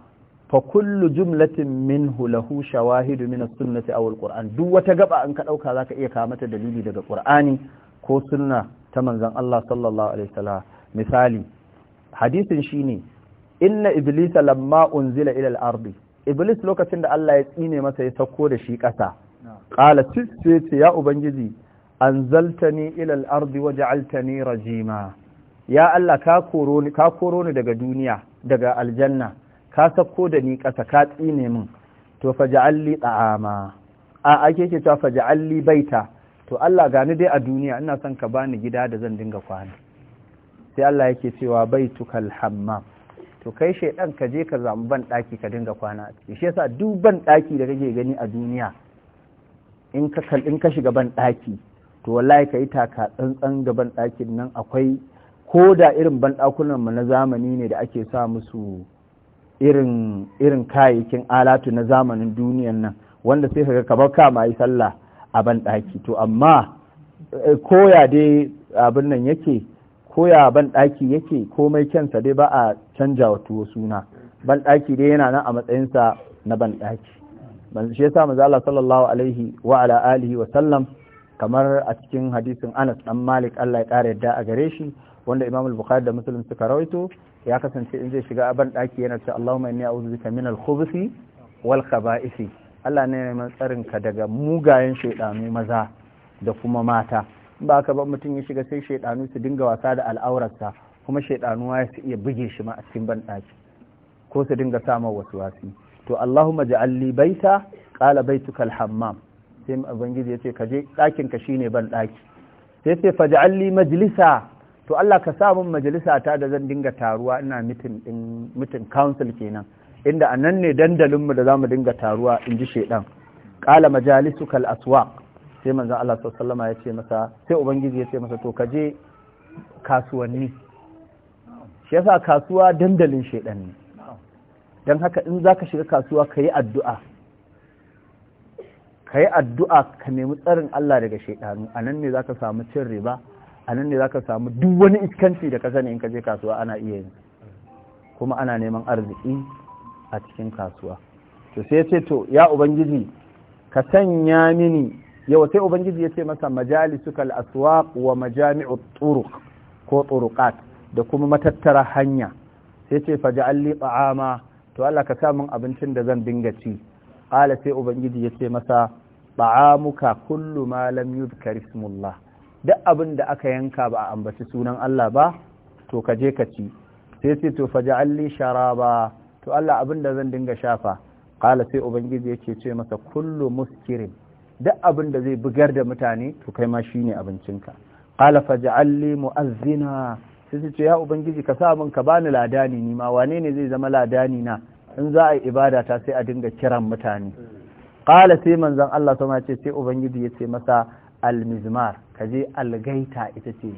fa kullu jumlatin minhu lahu shawahidu min as-sunnati aw al-qur'an duk wata gaba an ka dauka zaka iya kawo mata dalili daga qur'ani ko sunna ta manzon Allah sallallahu alaihi wasallam misali hadisin shine inna iblisa lamma unzila ila al-ardi iblis lokacin da Allah ya tsine masa ya sauko da shi ƙasa qala tisfi ya ubangiji anzaltani ila al-ardi ja'altani rajima ya Allah ka koro ni ka koro ni daga duniya daga aljanna ka sako da ni kasa ka tsine min to faj'alli ta'ama a ake ce ta faj'alli baita to Allah gani dai a duniya ina son ka bani gida da zan dinga kwana sai Allah yake cewa baitukal hammam to kai shaidan ka je ka zamu ban daki ka dinga kwana a ciki shi yasa duk ban daki da kake gani a duniya in ka in ka shiga ban daki to wallahi ka yi taka tsantsan ga banɗakin nan akwai ko da irin banɗakunan mu na zamani ne da ake sa musu irin irin kayayyakin alatu na zamanin duniyan nan wanda sai ka ka bar ma yi sallah a banɗaki to amma eh, koya dai abin nan yake koya banɗaki yake komai kyansa dai ba a canja wa tuwo suna banɗaki dai yana nan a matsayinsa na banɗaki shi yasa manzo Allah sallallahu alaihi wa ala alihi wa sallam kamar a cikin hadisin Anas dan Malik Allah ya ƙara yadda a gare shi wanda Imam al-Bukhari da Muslim suka rawaito ya kasance in zai shiga aban daki yana cewa Allahumma inni a'udhu bika min al-khubuthi wal khaba'isi Allah ne mai tsarin ka daga mugayen shaidanu maza da kuma mata in ba ka ba mutum ya shiga sai shaidanu su dinga wasa da al'aurarsa kuma shaidanu ya su iya buge shi ma a cikin ban daki ko su dinga sama wasu wasi to Allahumma ja'al li baita qala baitukal al-hammam sai ubangiji ya ce ka je ɗakin ka shine ban ɗaki sai ce faj'alli Majalisa. to Allah ka sa mun majalisa ta da zan dinga taruwa ina mitin din mitin council kenan inda anan ne dandalin mu da zamu dinga taruwa in ji shedan qala majalisuka al-aswaq sai manzon Allah sallallahu alaihi ya ce masa sai ubangiji ya ce masa to ka je kasuwanni shi yasa kasuwa dandalin shedan ne don haka in zaka shiga kasuwa ka yi addu'a ka yi addu'a ka nemi tsarin Allah daga shaiɗanu. a nan ne za ka samu cin riba a nan ne za ka samu duk wani iskanci da ka sani in ka je kasuwa ana iya yin kuma ana neman arziki a cikin kasuwa to sai ya ce to ya ubangiji ka sanya mini yau sai ubangiji ya ce masa majalisu suka aswaq wa majami'u turuq ko turuqat da kuma matattara hanya sai ce faja'alli ta'ama to Allah ka sa min abincin da zan dinga ci Ƙala sai ubangiji ya ce masa ba'amuka kullu ma lam yudhkar ismullah duk abin da aka yanka ba a ambaci sunan Allah ba to ka je ka ci sai sai to faj'alli sharaba to Allah abin da zan dinga shafa ƙala sai ubangiji ya ce masa kullu muskirin duk abin da zai bugar da mutane to kai ma shine abincinka qala faj'alli mu'azzina sai sai ce ya ubangiji ka sa min ka bani ladani ni ma wane ne zai zama ladani na in za a yi ibada ta sai a dinga kiran mutane qala sai manzon Allah sama ce sai ubangiji ya ce masa almizmar kaje algaita ita ce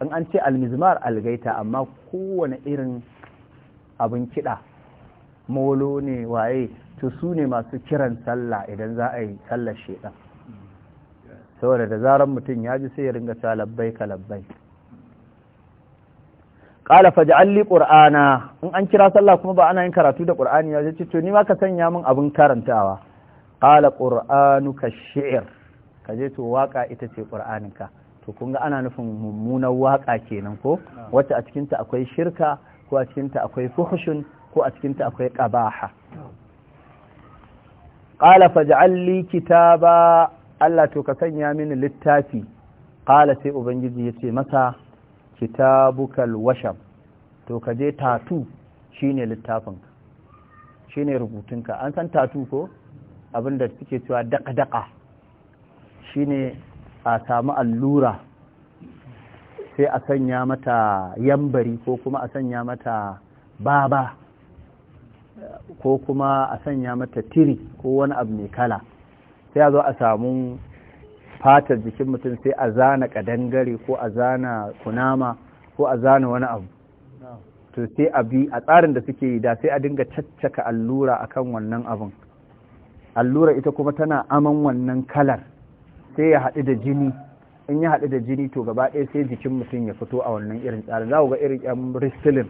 in an ce almizmar algaita amma kowane irin abin kiɗa molo ne waye to su ne masu kiran sallah idan za a yi sallar shedan saboda da zarar mutum ya ji sai ya ringa salabbai kalabbai Ƙala fa li ƙur'ana in an kira sallah kuma ba ana yin karatu da ƙur'ani ya ce to ni ma ka sanya min abin karantawa Ƙala ka shi'ir, shi'r je to waƙa ita ce qur'aninka to kun ga ana nufin mummunan waƙa kenan ko wacce a cikin akwai shirka ko a cikin ta akwai fuhshun ko a cikin akwai qabaha Ƙala faj'al li kitaba Allah to ka sanya mini littafi Ƙala sai ubangiji ya ce masa kitabukal washab to ka je tatu shine littafinka shine rubutunka an san tatu ko abinda suke cewa daka-daka shine a samu allura sai a sanya mata yambari ko kuma a sanya mata baba ko kuma a sanya mata tiri ko wani abu mai kala sai a zo a samu fatar jikin mutum sai a zana kadangare ko a zana kunama ko a zana wani abu to sai a bi a tsarin da suke yi da sai a dinga caccaka allura a kan wannan abin allura ita kuma tana aman wannan kalar sai ya haɗu da jini in ya haɗu da jini to gaba ɗaya sai jikin mutum ya fito a wannan irin tsarin za ku ga irin yan ristilin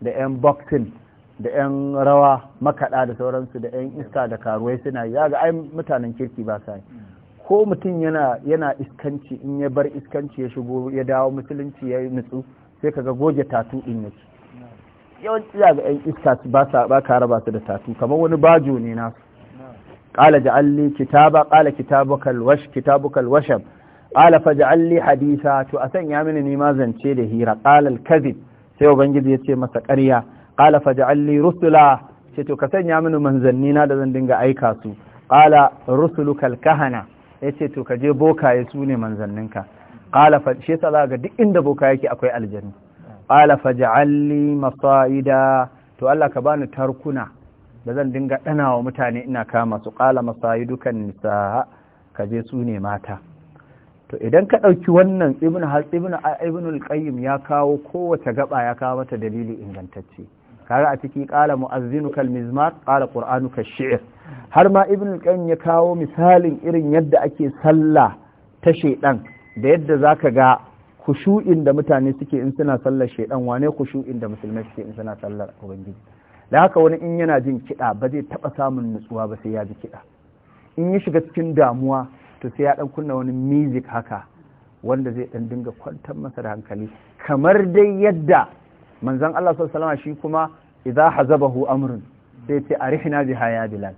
da yan boxing da 'yan rawa makaɗa da sauransu da 'yan iska da karuwai suna yi ga ai mutanen kirki ba sa yi ko mutum yana iskanci in ya bar iskanci ya shigo ya dawo musulunci ya nutsu sai kaga goge tatu din ci yawanci za ga yan iska ba sa ba ka raba su da tatu kamar wani bajo ne na? qala ja'alli kitaba qala kitabukal wash kitabukal washab qala faj'alli hadisa to a sanya mini ni ma zance da hira qala al kadhib sai ubangiji ya ce masa ƙarya qala faj'alli rusula ce to ka sanya mini manzanni na da zan dinga aika su ƙala rusulukal kahana ya ce to kaje je bokaye su ne manzanninka ƙala fa shi yasa ga duk inda boka yake akwai aljanu ƙala fa ja'alli masa'ida to Allah ka bani tarkuna da zan dinga ɗana wa mutane ina kama su ƙala masa'idukan nisa ka je su mata to idan ka ɗauki wannan ibn ibn ibn al-qayyim ya kawo kowace gaba ya kawo mata dalili ingantacce kaga a ciki ƙala mu'azzinukal Kalmizmar, mizmar ƙala qur'anuka shi'r har ma ibn al ya kawo misalin irin yadda ake sallah ta shaidan da yadda zaka ga khushu'in da mutane suke in suna sallar shaidan wane khushu'in da musulmai suke in suna sallar ubangiji da haka wani in yana jin kiɗa ba zai taɓa samun nutsuwa ba sai ya ji kiɗa in ya shiga cikin damuwa to sai ya ɗan kunna wani music haka wanda zai ɗan dinga kwantar masa da hankali kamar dai yadda manzon Allah sallallahu alaihi shi kuma idza hazabahu amrun sai ce a rihina biha ya bilal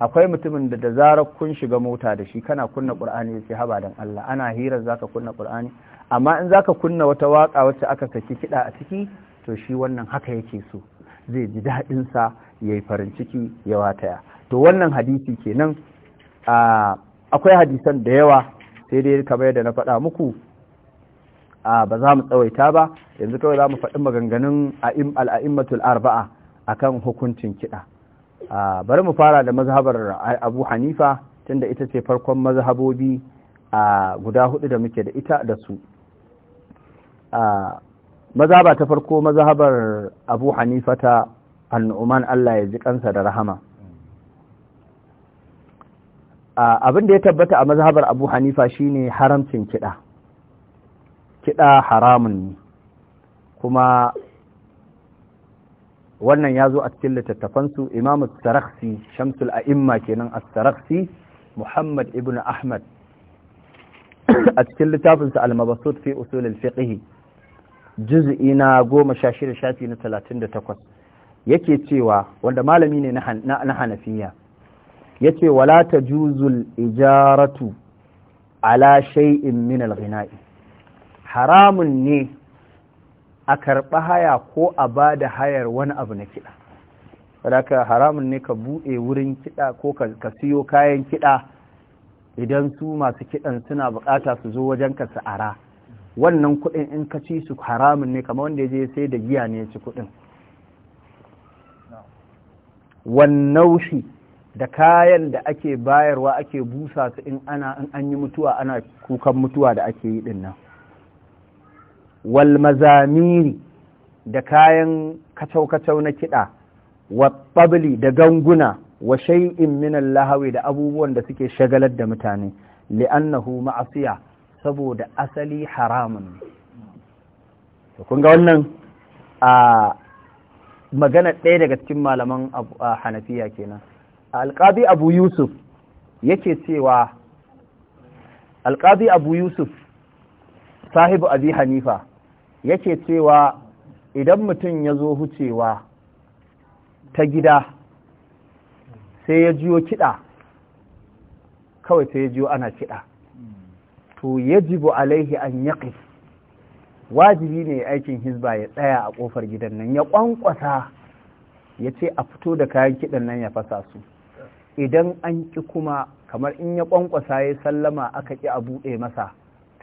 akwai mutumin da da zarar kun shiga mota da shi kana kunna qur'ani sai haba dan Allah ana hirar zaka kunna qur'ani amma in zaka kunna wata waka wacce aka saki kiɗa a ciki to shi wannan haka yake so zai ji daɗin sa yayi farin ciki ya wataya to wannan hadisi kenan akwai hadisan da yawa sai dai kamar yadda na faɗa muku ba za mu tsawaita ba yanzu kawai za mu faɗi maganganun al'a'immatul arba'a akan hukuncin kiɗa bari mu fara da mazhabar abu hanifa tunda ita ce farkon mazhabobi a guda hudu da muke da ita da su mazhaba ta farko mazhabar abu hanifa ta annuman allah ya ji kansa da rahama abin da ya tabbata a mazhabar abu hanifa shine haramcin kiɗa kiɗa haramun ne kuma wannan ya zo a cikin littattafansu imam saraksi shamsul a'imma kenan as-saraksi muhammad ibn ahmad a cikin littafinsa al-mabasut fi usul al-fiqh juz'i na 16 shafi na 38 yake cewa wanda malami ne na hanafiya yace wala ta juzul ijaratu ala shay'in min al-ghina'i haramun ne a karɓi haya ko a ba da hayar wani abu na kiɗa saboda haramun ne ka buɗe wurin kiɗa ko ka siyo kayan kiɗa idan su masu kiɗan suna buƙata su zo wajen ka su ara wannan kuɗin in ka ci su haramun ne kamar wanda ya je sai da giya ne ya ci kuɗin wannan shi da kayan da ake bayarwa ake busa su in ana in an yi mutuwa ana kukan mutuwa da ake yi ɗin nan wal mazamiri da kayan kacau-kacau na kiɗa wa ɓabli da ganguna wa shay'in min lahawi da abubuwan da suke shagalar da mutane li'annahu ma'asiya saboda asali haramun ne kun ga wannan a magana ɗaya daga cikin malaman hanafiya kenan alƙadi abu yusuf yake cewa alƙadi abu yusuf sahibu abi hanifa yake cewa idan mutum ya zo hucewa ta gida sai ya jiyo kiɗa kawai sai ya jiyo ana kiɗa to yajibu alaihi an yaƙi wajibi ne aikin hisba ya tsaya a ƙofar gidan nan ya ƙwanƙwasa ya ce a fito da kayan kiɗan nan ya fasa su idan an ƙi kuma kamar in ya ƙwanƙwasa ya sallama aka ƙi a buɗe masa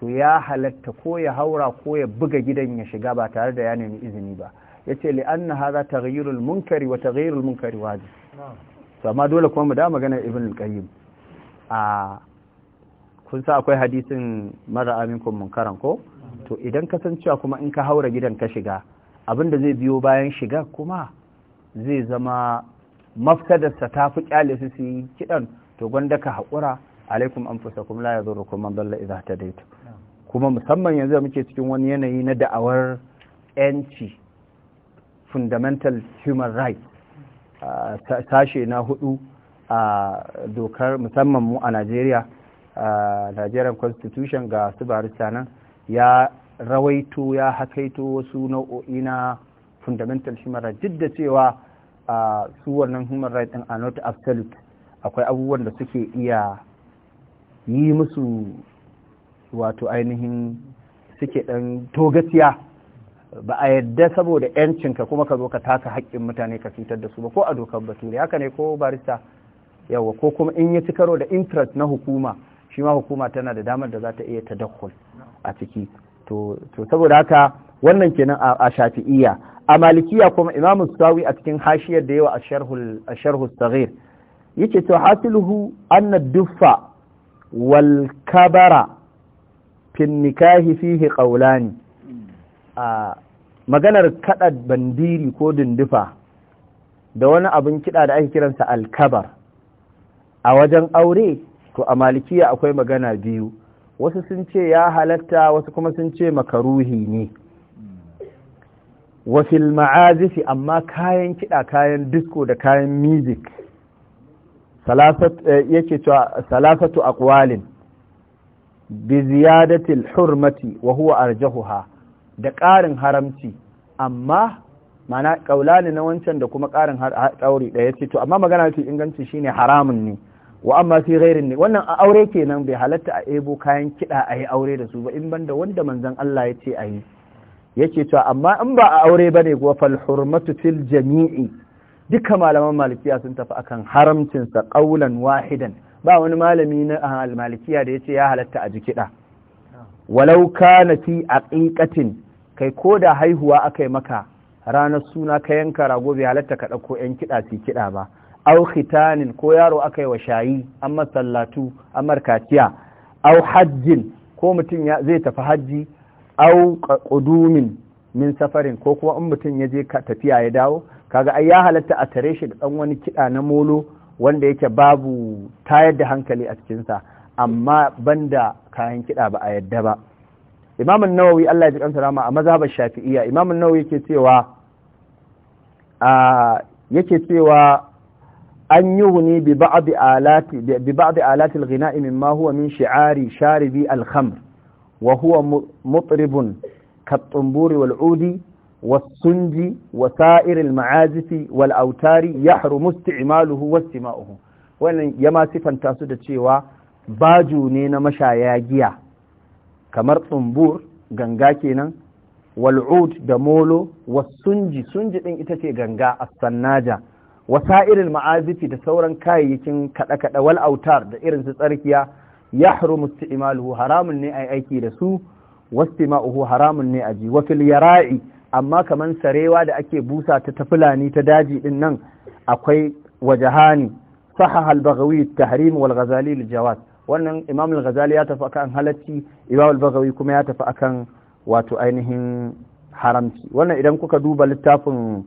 to ya halatta ko ya haura ko ya buga gidan ya shiga ba tare da ya nemi izini ba ya ce li'anna haza taghayyurul munkari wa taghayyurul munkari wajib to amma dole kuma mu da magana ibn al-qayyim a kun sa akwai hadisin mara aminkum munkaran ko to idan ka san cewa kuma in ka haura gidan ka shiga abinda zai biyo bayan shiga kuma zai zama mafkadarsa ta fi kyale su su yi kiɗan to gwanda ka haƙura alaikum anfusakum la yadurrukum man dalla idha hadaytum kuma musamman yanzu muke cikin wani yanayi na da'awar yanci fundamental human rights hmm. sashe na hudu a dokar musamman mu a Najeriya Nigerian constitution ga su barista nan ya rawaito ya hakaito wasu nau'o'i na fundamental human rights duk da cewa su wannan human rights din a not absolute akwai abubuwan da suke iya yi musu wato ainihin suke ɗan togasiya ba a yadda saboda yancinka kuma ka zo ka taka haƙƙin mutane ka fitar da su ba ko a dokar baturi haka ne ko barista yawa ko kuma in ya ci karo da interest na hukuma shi ma hukuma tana da damar da za ta iya tadakkul a ciki to saboda haka wannan kenan a shafi'iyya a malikiya kuma imam sawi a cikin hashiyar da yawa a sharhul saghir yake to hasiluhu anna duffa Walkabara, kabara fin nikahi fihi qaulani a maganar kada bandiri ko dindifa da wani abin kiɗa da ake kiransa alkabar a wajen aure to a malikiya akwai magana biyu wasu sun ce ya halatta wasu kuma sun ce makaruhi ne wafil ma'azifi amma kayan kiɗa kayan disco da kayan music Eh, yake cewa salasatu aqwalin bi ziyadatil hurmati wa huwa arjahuha da ƙarin haramci amma mana kaulani na wancan da kuma ƙarin ɗauri ɗaya ce to amma magana ce inganci shine haramun ne wa amma fi ghairin ne wannan a aure kenan bai halatta a ebo kayan kiɗa a yi aure da su ba in banda wanda manzon Allah ya ce a yi yake cewa amma in ba a aure bane kuwa fal hurmatu fil jami'i duka malaman malikiya sun tafi akan haramcinsa ƙaulan wahidan ba wani malami na malikiya da ya ce ya halatta a jikiɗa kiɗa walau kana fi aqiqatin kai ko da haihuwa akai maka ranar suna ka yanka rago bai halatta ka ɗauko 'yan kiɗa su kiɗa ba au khitanin ko yaro aka yi wa shayi an masallatu an markaciya au hajjin ko mutum zai tafi hajji au ƙudumin min safarin ko kuma in mutum ya je tafiya ya dawo kaga ai ya halatta a tare shi da ɗan wani kiɗa na molo wanda yake babu tayar da hankali a cikinsa amma banda kayan kiɗa ba a yadda ba imamun nawawi Allah ya ji kansa rama a mazhabar shafi'iyya imamun nawawi yake cewa a yake cewa an huni bi ba'di alati bi ba'di alati al-ghina'i mimma huwa min shi'ari sharibi al-khamr wa huwa mutribun kat-tumburi wal والسنج وسائر المعازف والأوتار يحرم استعماله واستماؤه wannan ya masifanta su da cewa baju ne na mashaya giya kamar tsumbur ganga kenan wal'ud da molo wasunji sunji ɗin ita ce ganga as-sannaja wasa'iril ma'azifi da sauran kayayyakin kaɗe-kaɗe Wal'autar da irin su tsarkiya yahrumu isti'maluhu haramun ne ai aiki da su wastima'uhu haramun ne aji wa fil yara'i amma kamar sarewa da ake busa ta ta fulani ta daji din nan akwai wajahani sahah al-baghawi tahrim wal ghazali lil jawaz wannan imam al-ghazali ya tafi akan halacci imam al-baghawi kuma ya tafi akan wato ainihin haramci wannan idan kuka duba littafin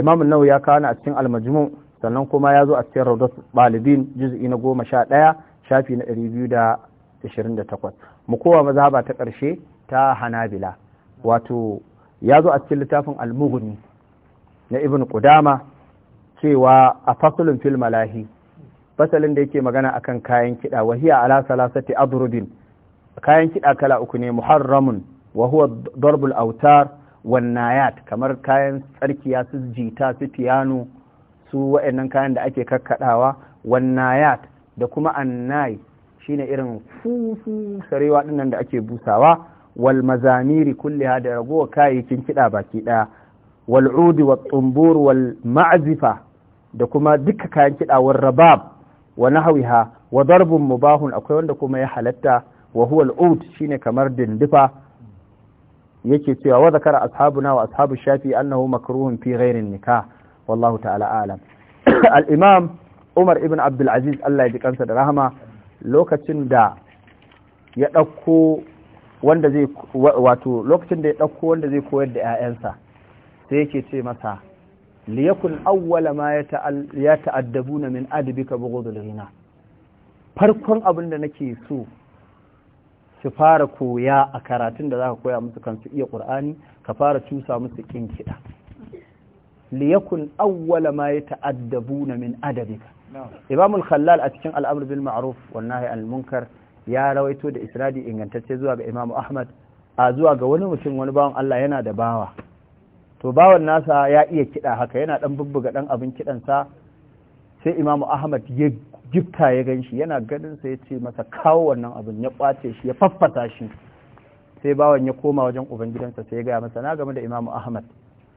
imam an-nawawi ya kawo a cikin al-majmu sannan kuma ya zo a cikin rawdat balibin juz'i na goma sha ɗaya shafi na 228 mu kowa mazhaba ta ƙarshe ta hanabila wato ya zo a cikin littafin almughni na ibn qudama cewa a fasulun filmalahi fasalin da yake magana akan kayan kiɗa hiya ala salasati adrubin kayan kiɗa kala uku ne muharramun wa huwa darbul autar wan nayat kamar kayan tsarkiya su jita su piano su wa'annan kayan da ake kakkaɗawa wan nayat da kuma annai shine irin fufu sarewa dinnan da ake busawa wal mazamiri kulliha da ragowar kayayyakin kiɗa baki ɗaya wal udi wal tumbur wal ma'azifa da kuma duka kayan kiɗa wal rabab wa nahawiha wa darbun mubahun akwai wanda kuma ya halatta wa huwa al shine kamar dindifa yake cewa wa zakara ashabuna wa ashabu shafi annahu makruhun fi ghairin nikah wallahu ta'ala alam al-imam Umar ibn Abdul Aziz Allah ya ji kansa da rahma lokacin da ya ɗauko wanda zai wato lokacin da ya ɗauko wanda zai koyar da 'ya'yansa sai yake ce masa liyakun awwala ma ya ta'addabu na min adabi ka bugu da farkon abin da nake so su fara koya a karatun da za ka koya musu kansu iya ƙur'ani ka fara cusa musu ƙin kiɗa liyakun awwala ma ya ta'addabu na min adabi ka imamul khallal a cikin al'amur bil ma'ruf wannan al munkar ya rawaito da isnadi ingantacce zuwa ga Imam Ahmad a zuwa ga wani mutum wani bawan Allah yana da bawa to bawan nasa ya iya kiɗa haka yana dan bubbuga dan abin kidan sa sai Imam Ahmad ya jifta ya ganshi yana ganin sa ce masa kawo wannan abin ya kwace shi ya faffata shi sai bawan ya koma wajen ubangidansa sai ya gaya masa na game da Imam Ahmad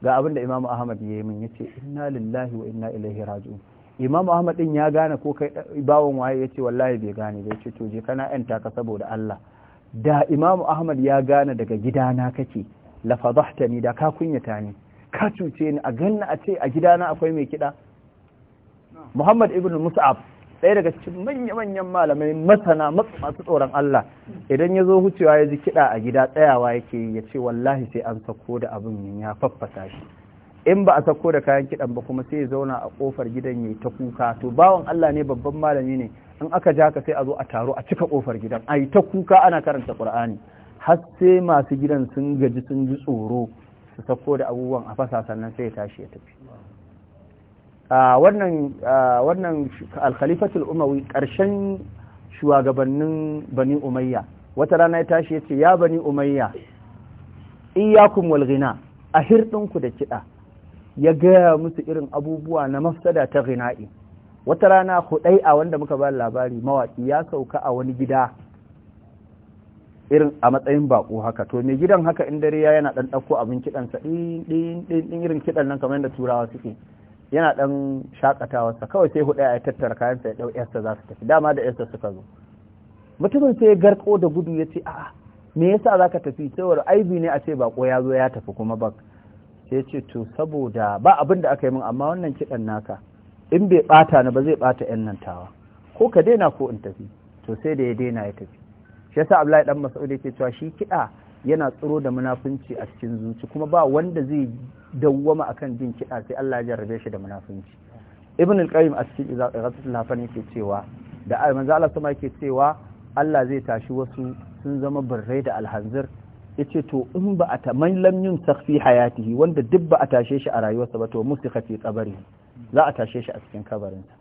ga abin da Imam Ahmad ya yi min yace inna lillahi wa inna ilaihi raji'un imam ahmad din ya gane ko kai bawon waye yace wallahi bai gane bai ce to je kana yanta ka saboda Allah da imam ahmad ya gane daga gidana kake la ni da ka kunyata ni ka cuce ni a ganna a ce a gidana akwai mai kida muhammad ibn mus'ab ɗaya daga cikin manya-manyan malamai masana masu tsoron Allah idan ya zo hucewa ya ji kiɗa a gida tsayawa yake yace wallahi sai an sako da abin ya faffasa shi in ba a sako da kayan kiɗan ba kuma sai ya zauna a ƙofar gidan ya ta kuka to bawan Allah ne babban malami ne in aka ja ka sai a zo a taro a cika ƙofar gidan a yi ta kuka ana karanta ƙur'ani har sai masu gidan sun gaji sun ji tsoro su sako da abubuwan a fasa sannan sai ya tashi ya tafi wannan wannan alkhalifatul umawi ƙarshen shugabannin bani umayya wata rana ya tashi ya ce ya bani umayya iyakum wal ghina a hirɗinku da kiɗa ya gaya musu irin abubuwa na mafsada ta gina'i wata rana hudai a wanda muka ba labari mawaki ya sauka a wani gida irin a matsayin bako haka to mai gidan haka in dare ya yana dan dauko abin kidan sa din din irin kidan nan kamar da turawa suke yana dan shakatawa sa kawai sai hudai ya tattara kayan sa ya dau yarsa za su tafi dama da yarsa suka zo mutumin sai ya garko da gudu ya ce a'a me yasa ka tafi saboda aibi ne a ce bako ya zo ya tafi kuma bak sai ce to saboda ba abin da aka yi min amma wannan kiɗan naka in bai ɓata ni ba zai ɓata yan nan tawa ko ka daina ko in tafi to sai da ya daina ya tafi shi yasa Abdullahi dan Mas'ud yake cewa shi kiɗa yana tsiro da munafunci a cikin zuci kuma ba wanda zai dawwama akan jin kiɗa sai Allah ya jarrabe shi da munafunci Ibn al-Qayyim a cikin Ighathatul Lafan yake cewa da manzo Allah sama yake cewa Allah zai tashi wasu sun zama birrai da alhanzir yace to in ba a taman lam yun sakfi hayatihi wanda duk ba a tashe shi a rayuwarsa ba to musika fi kabari za a tashe shi a cikin kabarinsa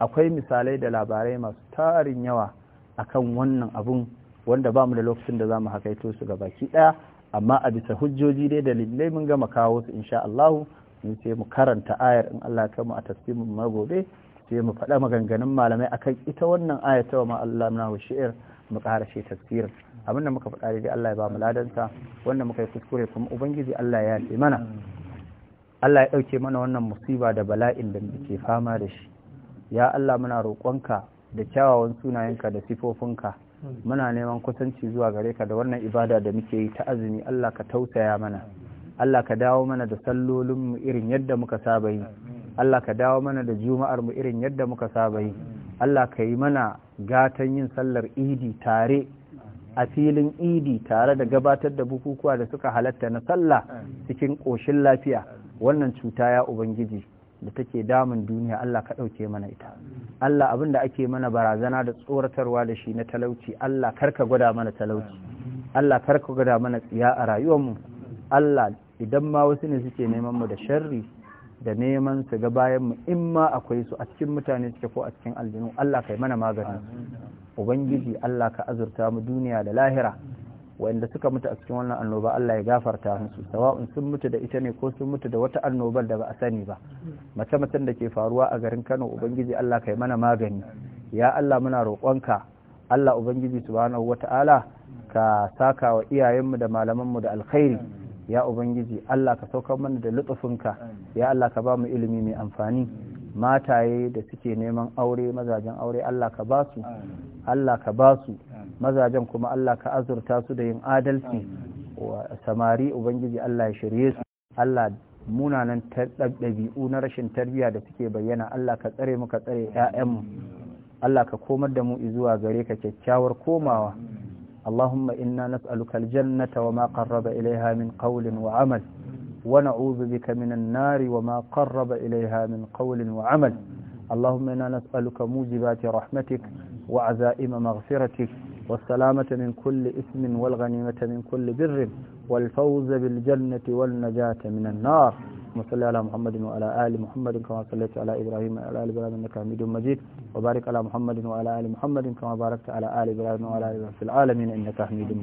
akwai misalai da labarai masu tarin yawa akan wannan abun wanda ba mu da lokacin da za mu hakaito su ki daya amma a bisa hujjoji dai da lillai mun gama kawo su insha Allah mun sai mu karanta ayar in Allah ya mu a gobe magobe sai mu faɗa maganganun malamai akan ita wannan ayar ta wa ma Allah na shi'ir mu shi tafsirin abin da muka faɗa dai Allah ya ba mu ladansa wanda muka yi kuskure kuma ubangiji Allah ya yi mana Allah ya ɗauke mana wannan musiba da bala'in da muke fama da shi ya Allah muna roƙonka da kyawawan sunayenka da sifofinka muna neman kusanci zuwa gare ka da wannan ibada da muke yi ta azumi Allah ka tausaya mana Allah ka dawo mana da sallolinmu irin yadda muka saba yi Allah ka dawo mana da juma'ar mu irin yadda muka saba yi Allah ka yi mana gatan yin sallar idi tare a filin idi tare da gabatar da bukukuwa da suka halatta na sallah cikin ƙoshin lafiya wannan cuta ya ubangiji da take damun duniya Allah ka ɗauke mana ita Allah abin da ake mana barazana da tsoratarwa da shi na talauci Allah karka gwada mana talauci Allah karka gwada mana tsiya a rayuwarmu Allah idan ma wasu ne suke neman mu da sharri da neman su ga bayan mu in ma akwai su a cikin mutane suke ko a cikin aljinu Allah kai mana magani ubangiji Allah ka azurta mu duniya da lahira wanda suka mutu a cikin wannan annoba Allah ya gafarta musu sawa'un sun mutu da ita ne ko sun mutu da wata annobar da ba a sani ba mace macen da ke faruwa a garin Kano ubangiji Allah kai mana magani ya Allah muna roƙonka Allah ubangiji subhanahu wata'ala ka saka wa iyayenmu da malamanmu da alkhairi ya ubangiji Allah ka saukar mana da lutsufinka ya Allah ka ba mu ilimi mai amfani mataye da suke neman aure mazajen aure Allah ka ba su Allah ka ba su mazajen kuma Allah ka azurta su da yin adalci wa samari ubangiji Allah ya shirye su Allah munanan dabi'u na rashin tarbiyya da suke bayyana Allah ka tsare mu tsare 'ya'yanmu Allah ka komar da mu zuwa gare ka kyakkyawar komawa اللهم إنا نسألك الجنة وما قرب إليها من قول وعمل ونعوذ بك من النار وما قرب إليها من قول وعمل اللهم إنا نسألك موجبات رحمتك وعزائم مغفرتك والسلامة من كل إثم والغنيمة من كل بر والفوز بالجنة والنجاة من النار صل على محمد وعلى آل محمد كما صليت على إبراهيم وعلى آل إبراهيم إنك حميد مجيد وبارك على محمد وعلى آل محمد كما باركت على آل إبراهيم وعلى آل إبراهيم في العالمين إنك حميد مجيد